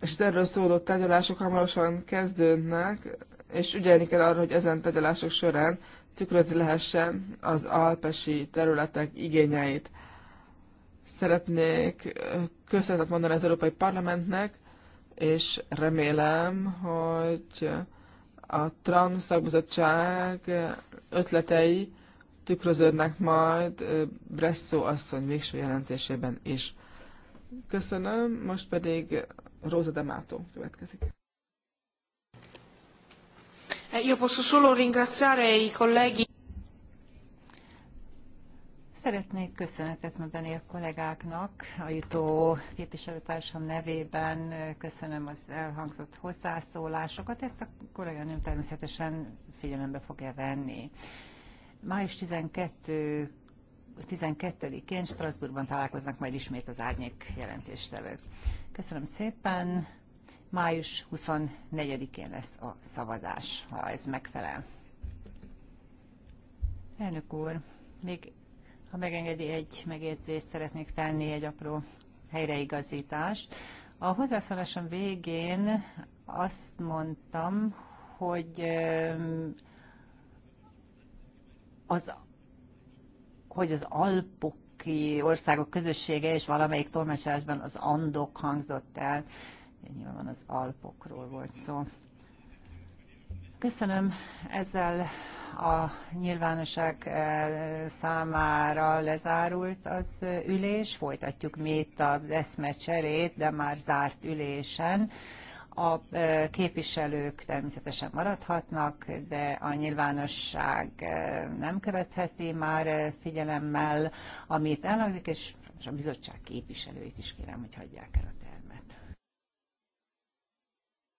és az erről szóló tárgyalások hamarosan kezdődnek, és ügyelni kell arra, hogy ezen tárgyalások során tükrözi lehessen az alpesi területek igényeit. Szeretnék köszönetet mondani az Európai Parlamentnek, és remélem, hogy a TRAN szakbizottság ötletei tükröződnek majd Bresszó asszony végső jelentésében is. Köszönöm, most pedig Róza Demátó következik. Eh, io posso solo ringraziare i colleghi. Szeretnék köszönetet mondani a kollégáknak, a jutó képviselőtársam nevében eh, köszönöm az elhangzott hozzászólásokat, ezt a kolléganőm természetesen figyelembe fogja venni. Május 12 12-én Strasbourgban találkoznak majd ismét az árnyék jelentéstevők. Köszönöm szépen! Május 24-én lesz a szavazás, ha ez megfelel. Elnök úr, még ha megengedi, egy megjegyzést szeretnék tenni, egy apró helyreigazítást. A hozzászólásom végén azt mondtam, hogy az, hogy az Alpoki országok közössége és valamelyik tolmácsásban az Andok hangzott el nyilván az Alpokról volt szó. Köszönöm. Ezzel a nyilvánosság eh, számára lezárult az ülés. Folytatjuk mi itt az eszmecserét, de már zárt ülésen. A eh, képviselők természetesen maradhatnak, de a nyilvánosság eh, nem követheti már figyelemmel, amit elhangzik, és a bizottság képviselőit is kérem, hogy hagyják el a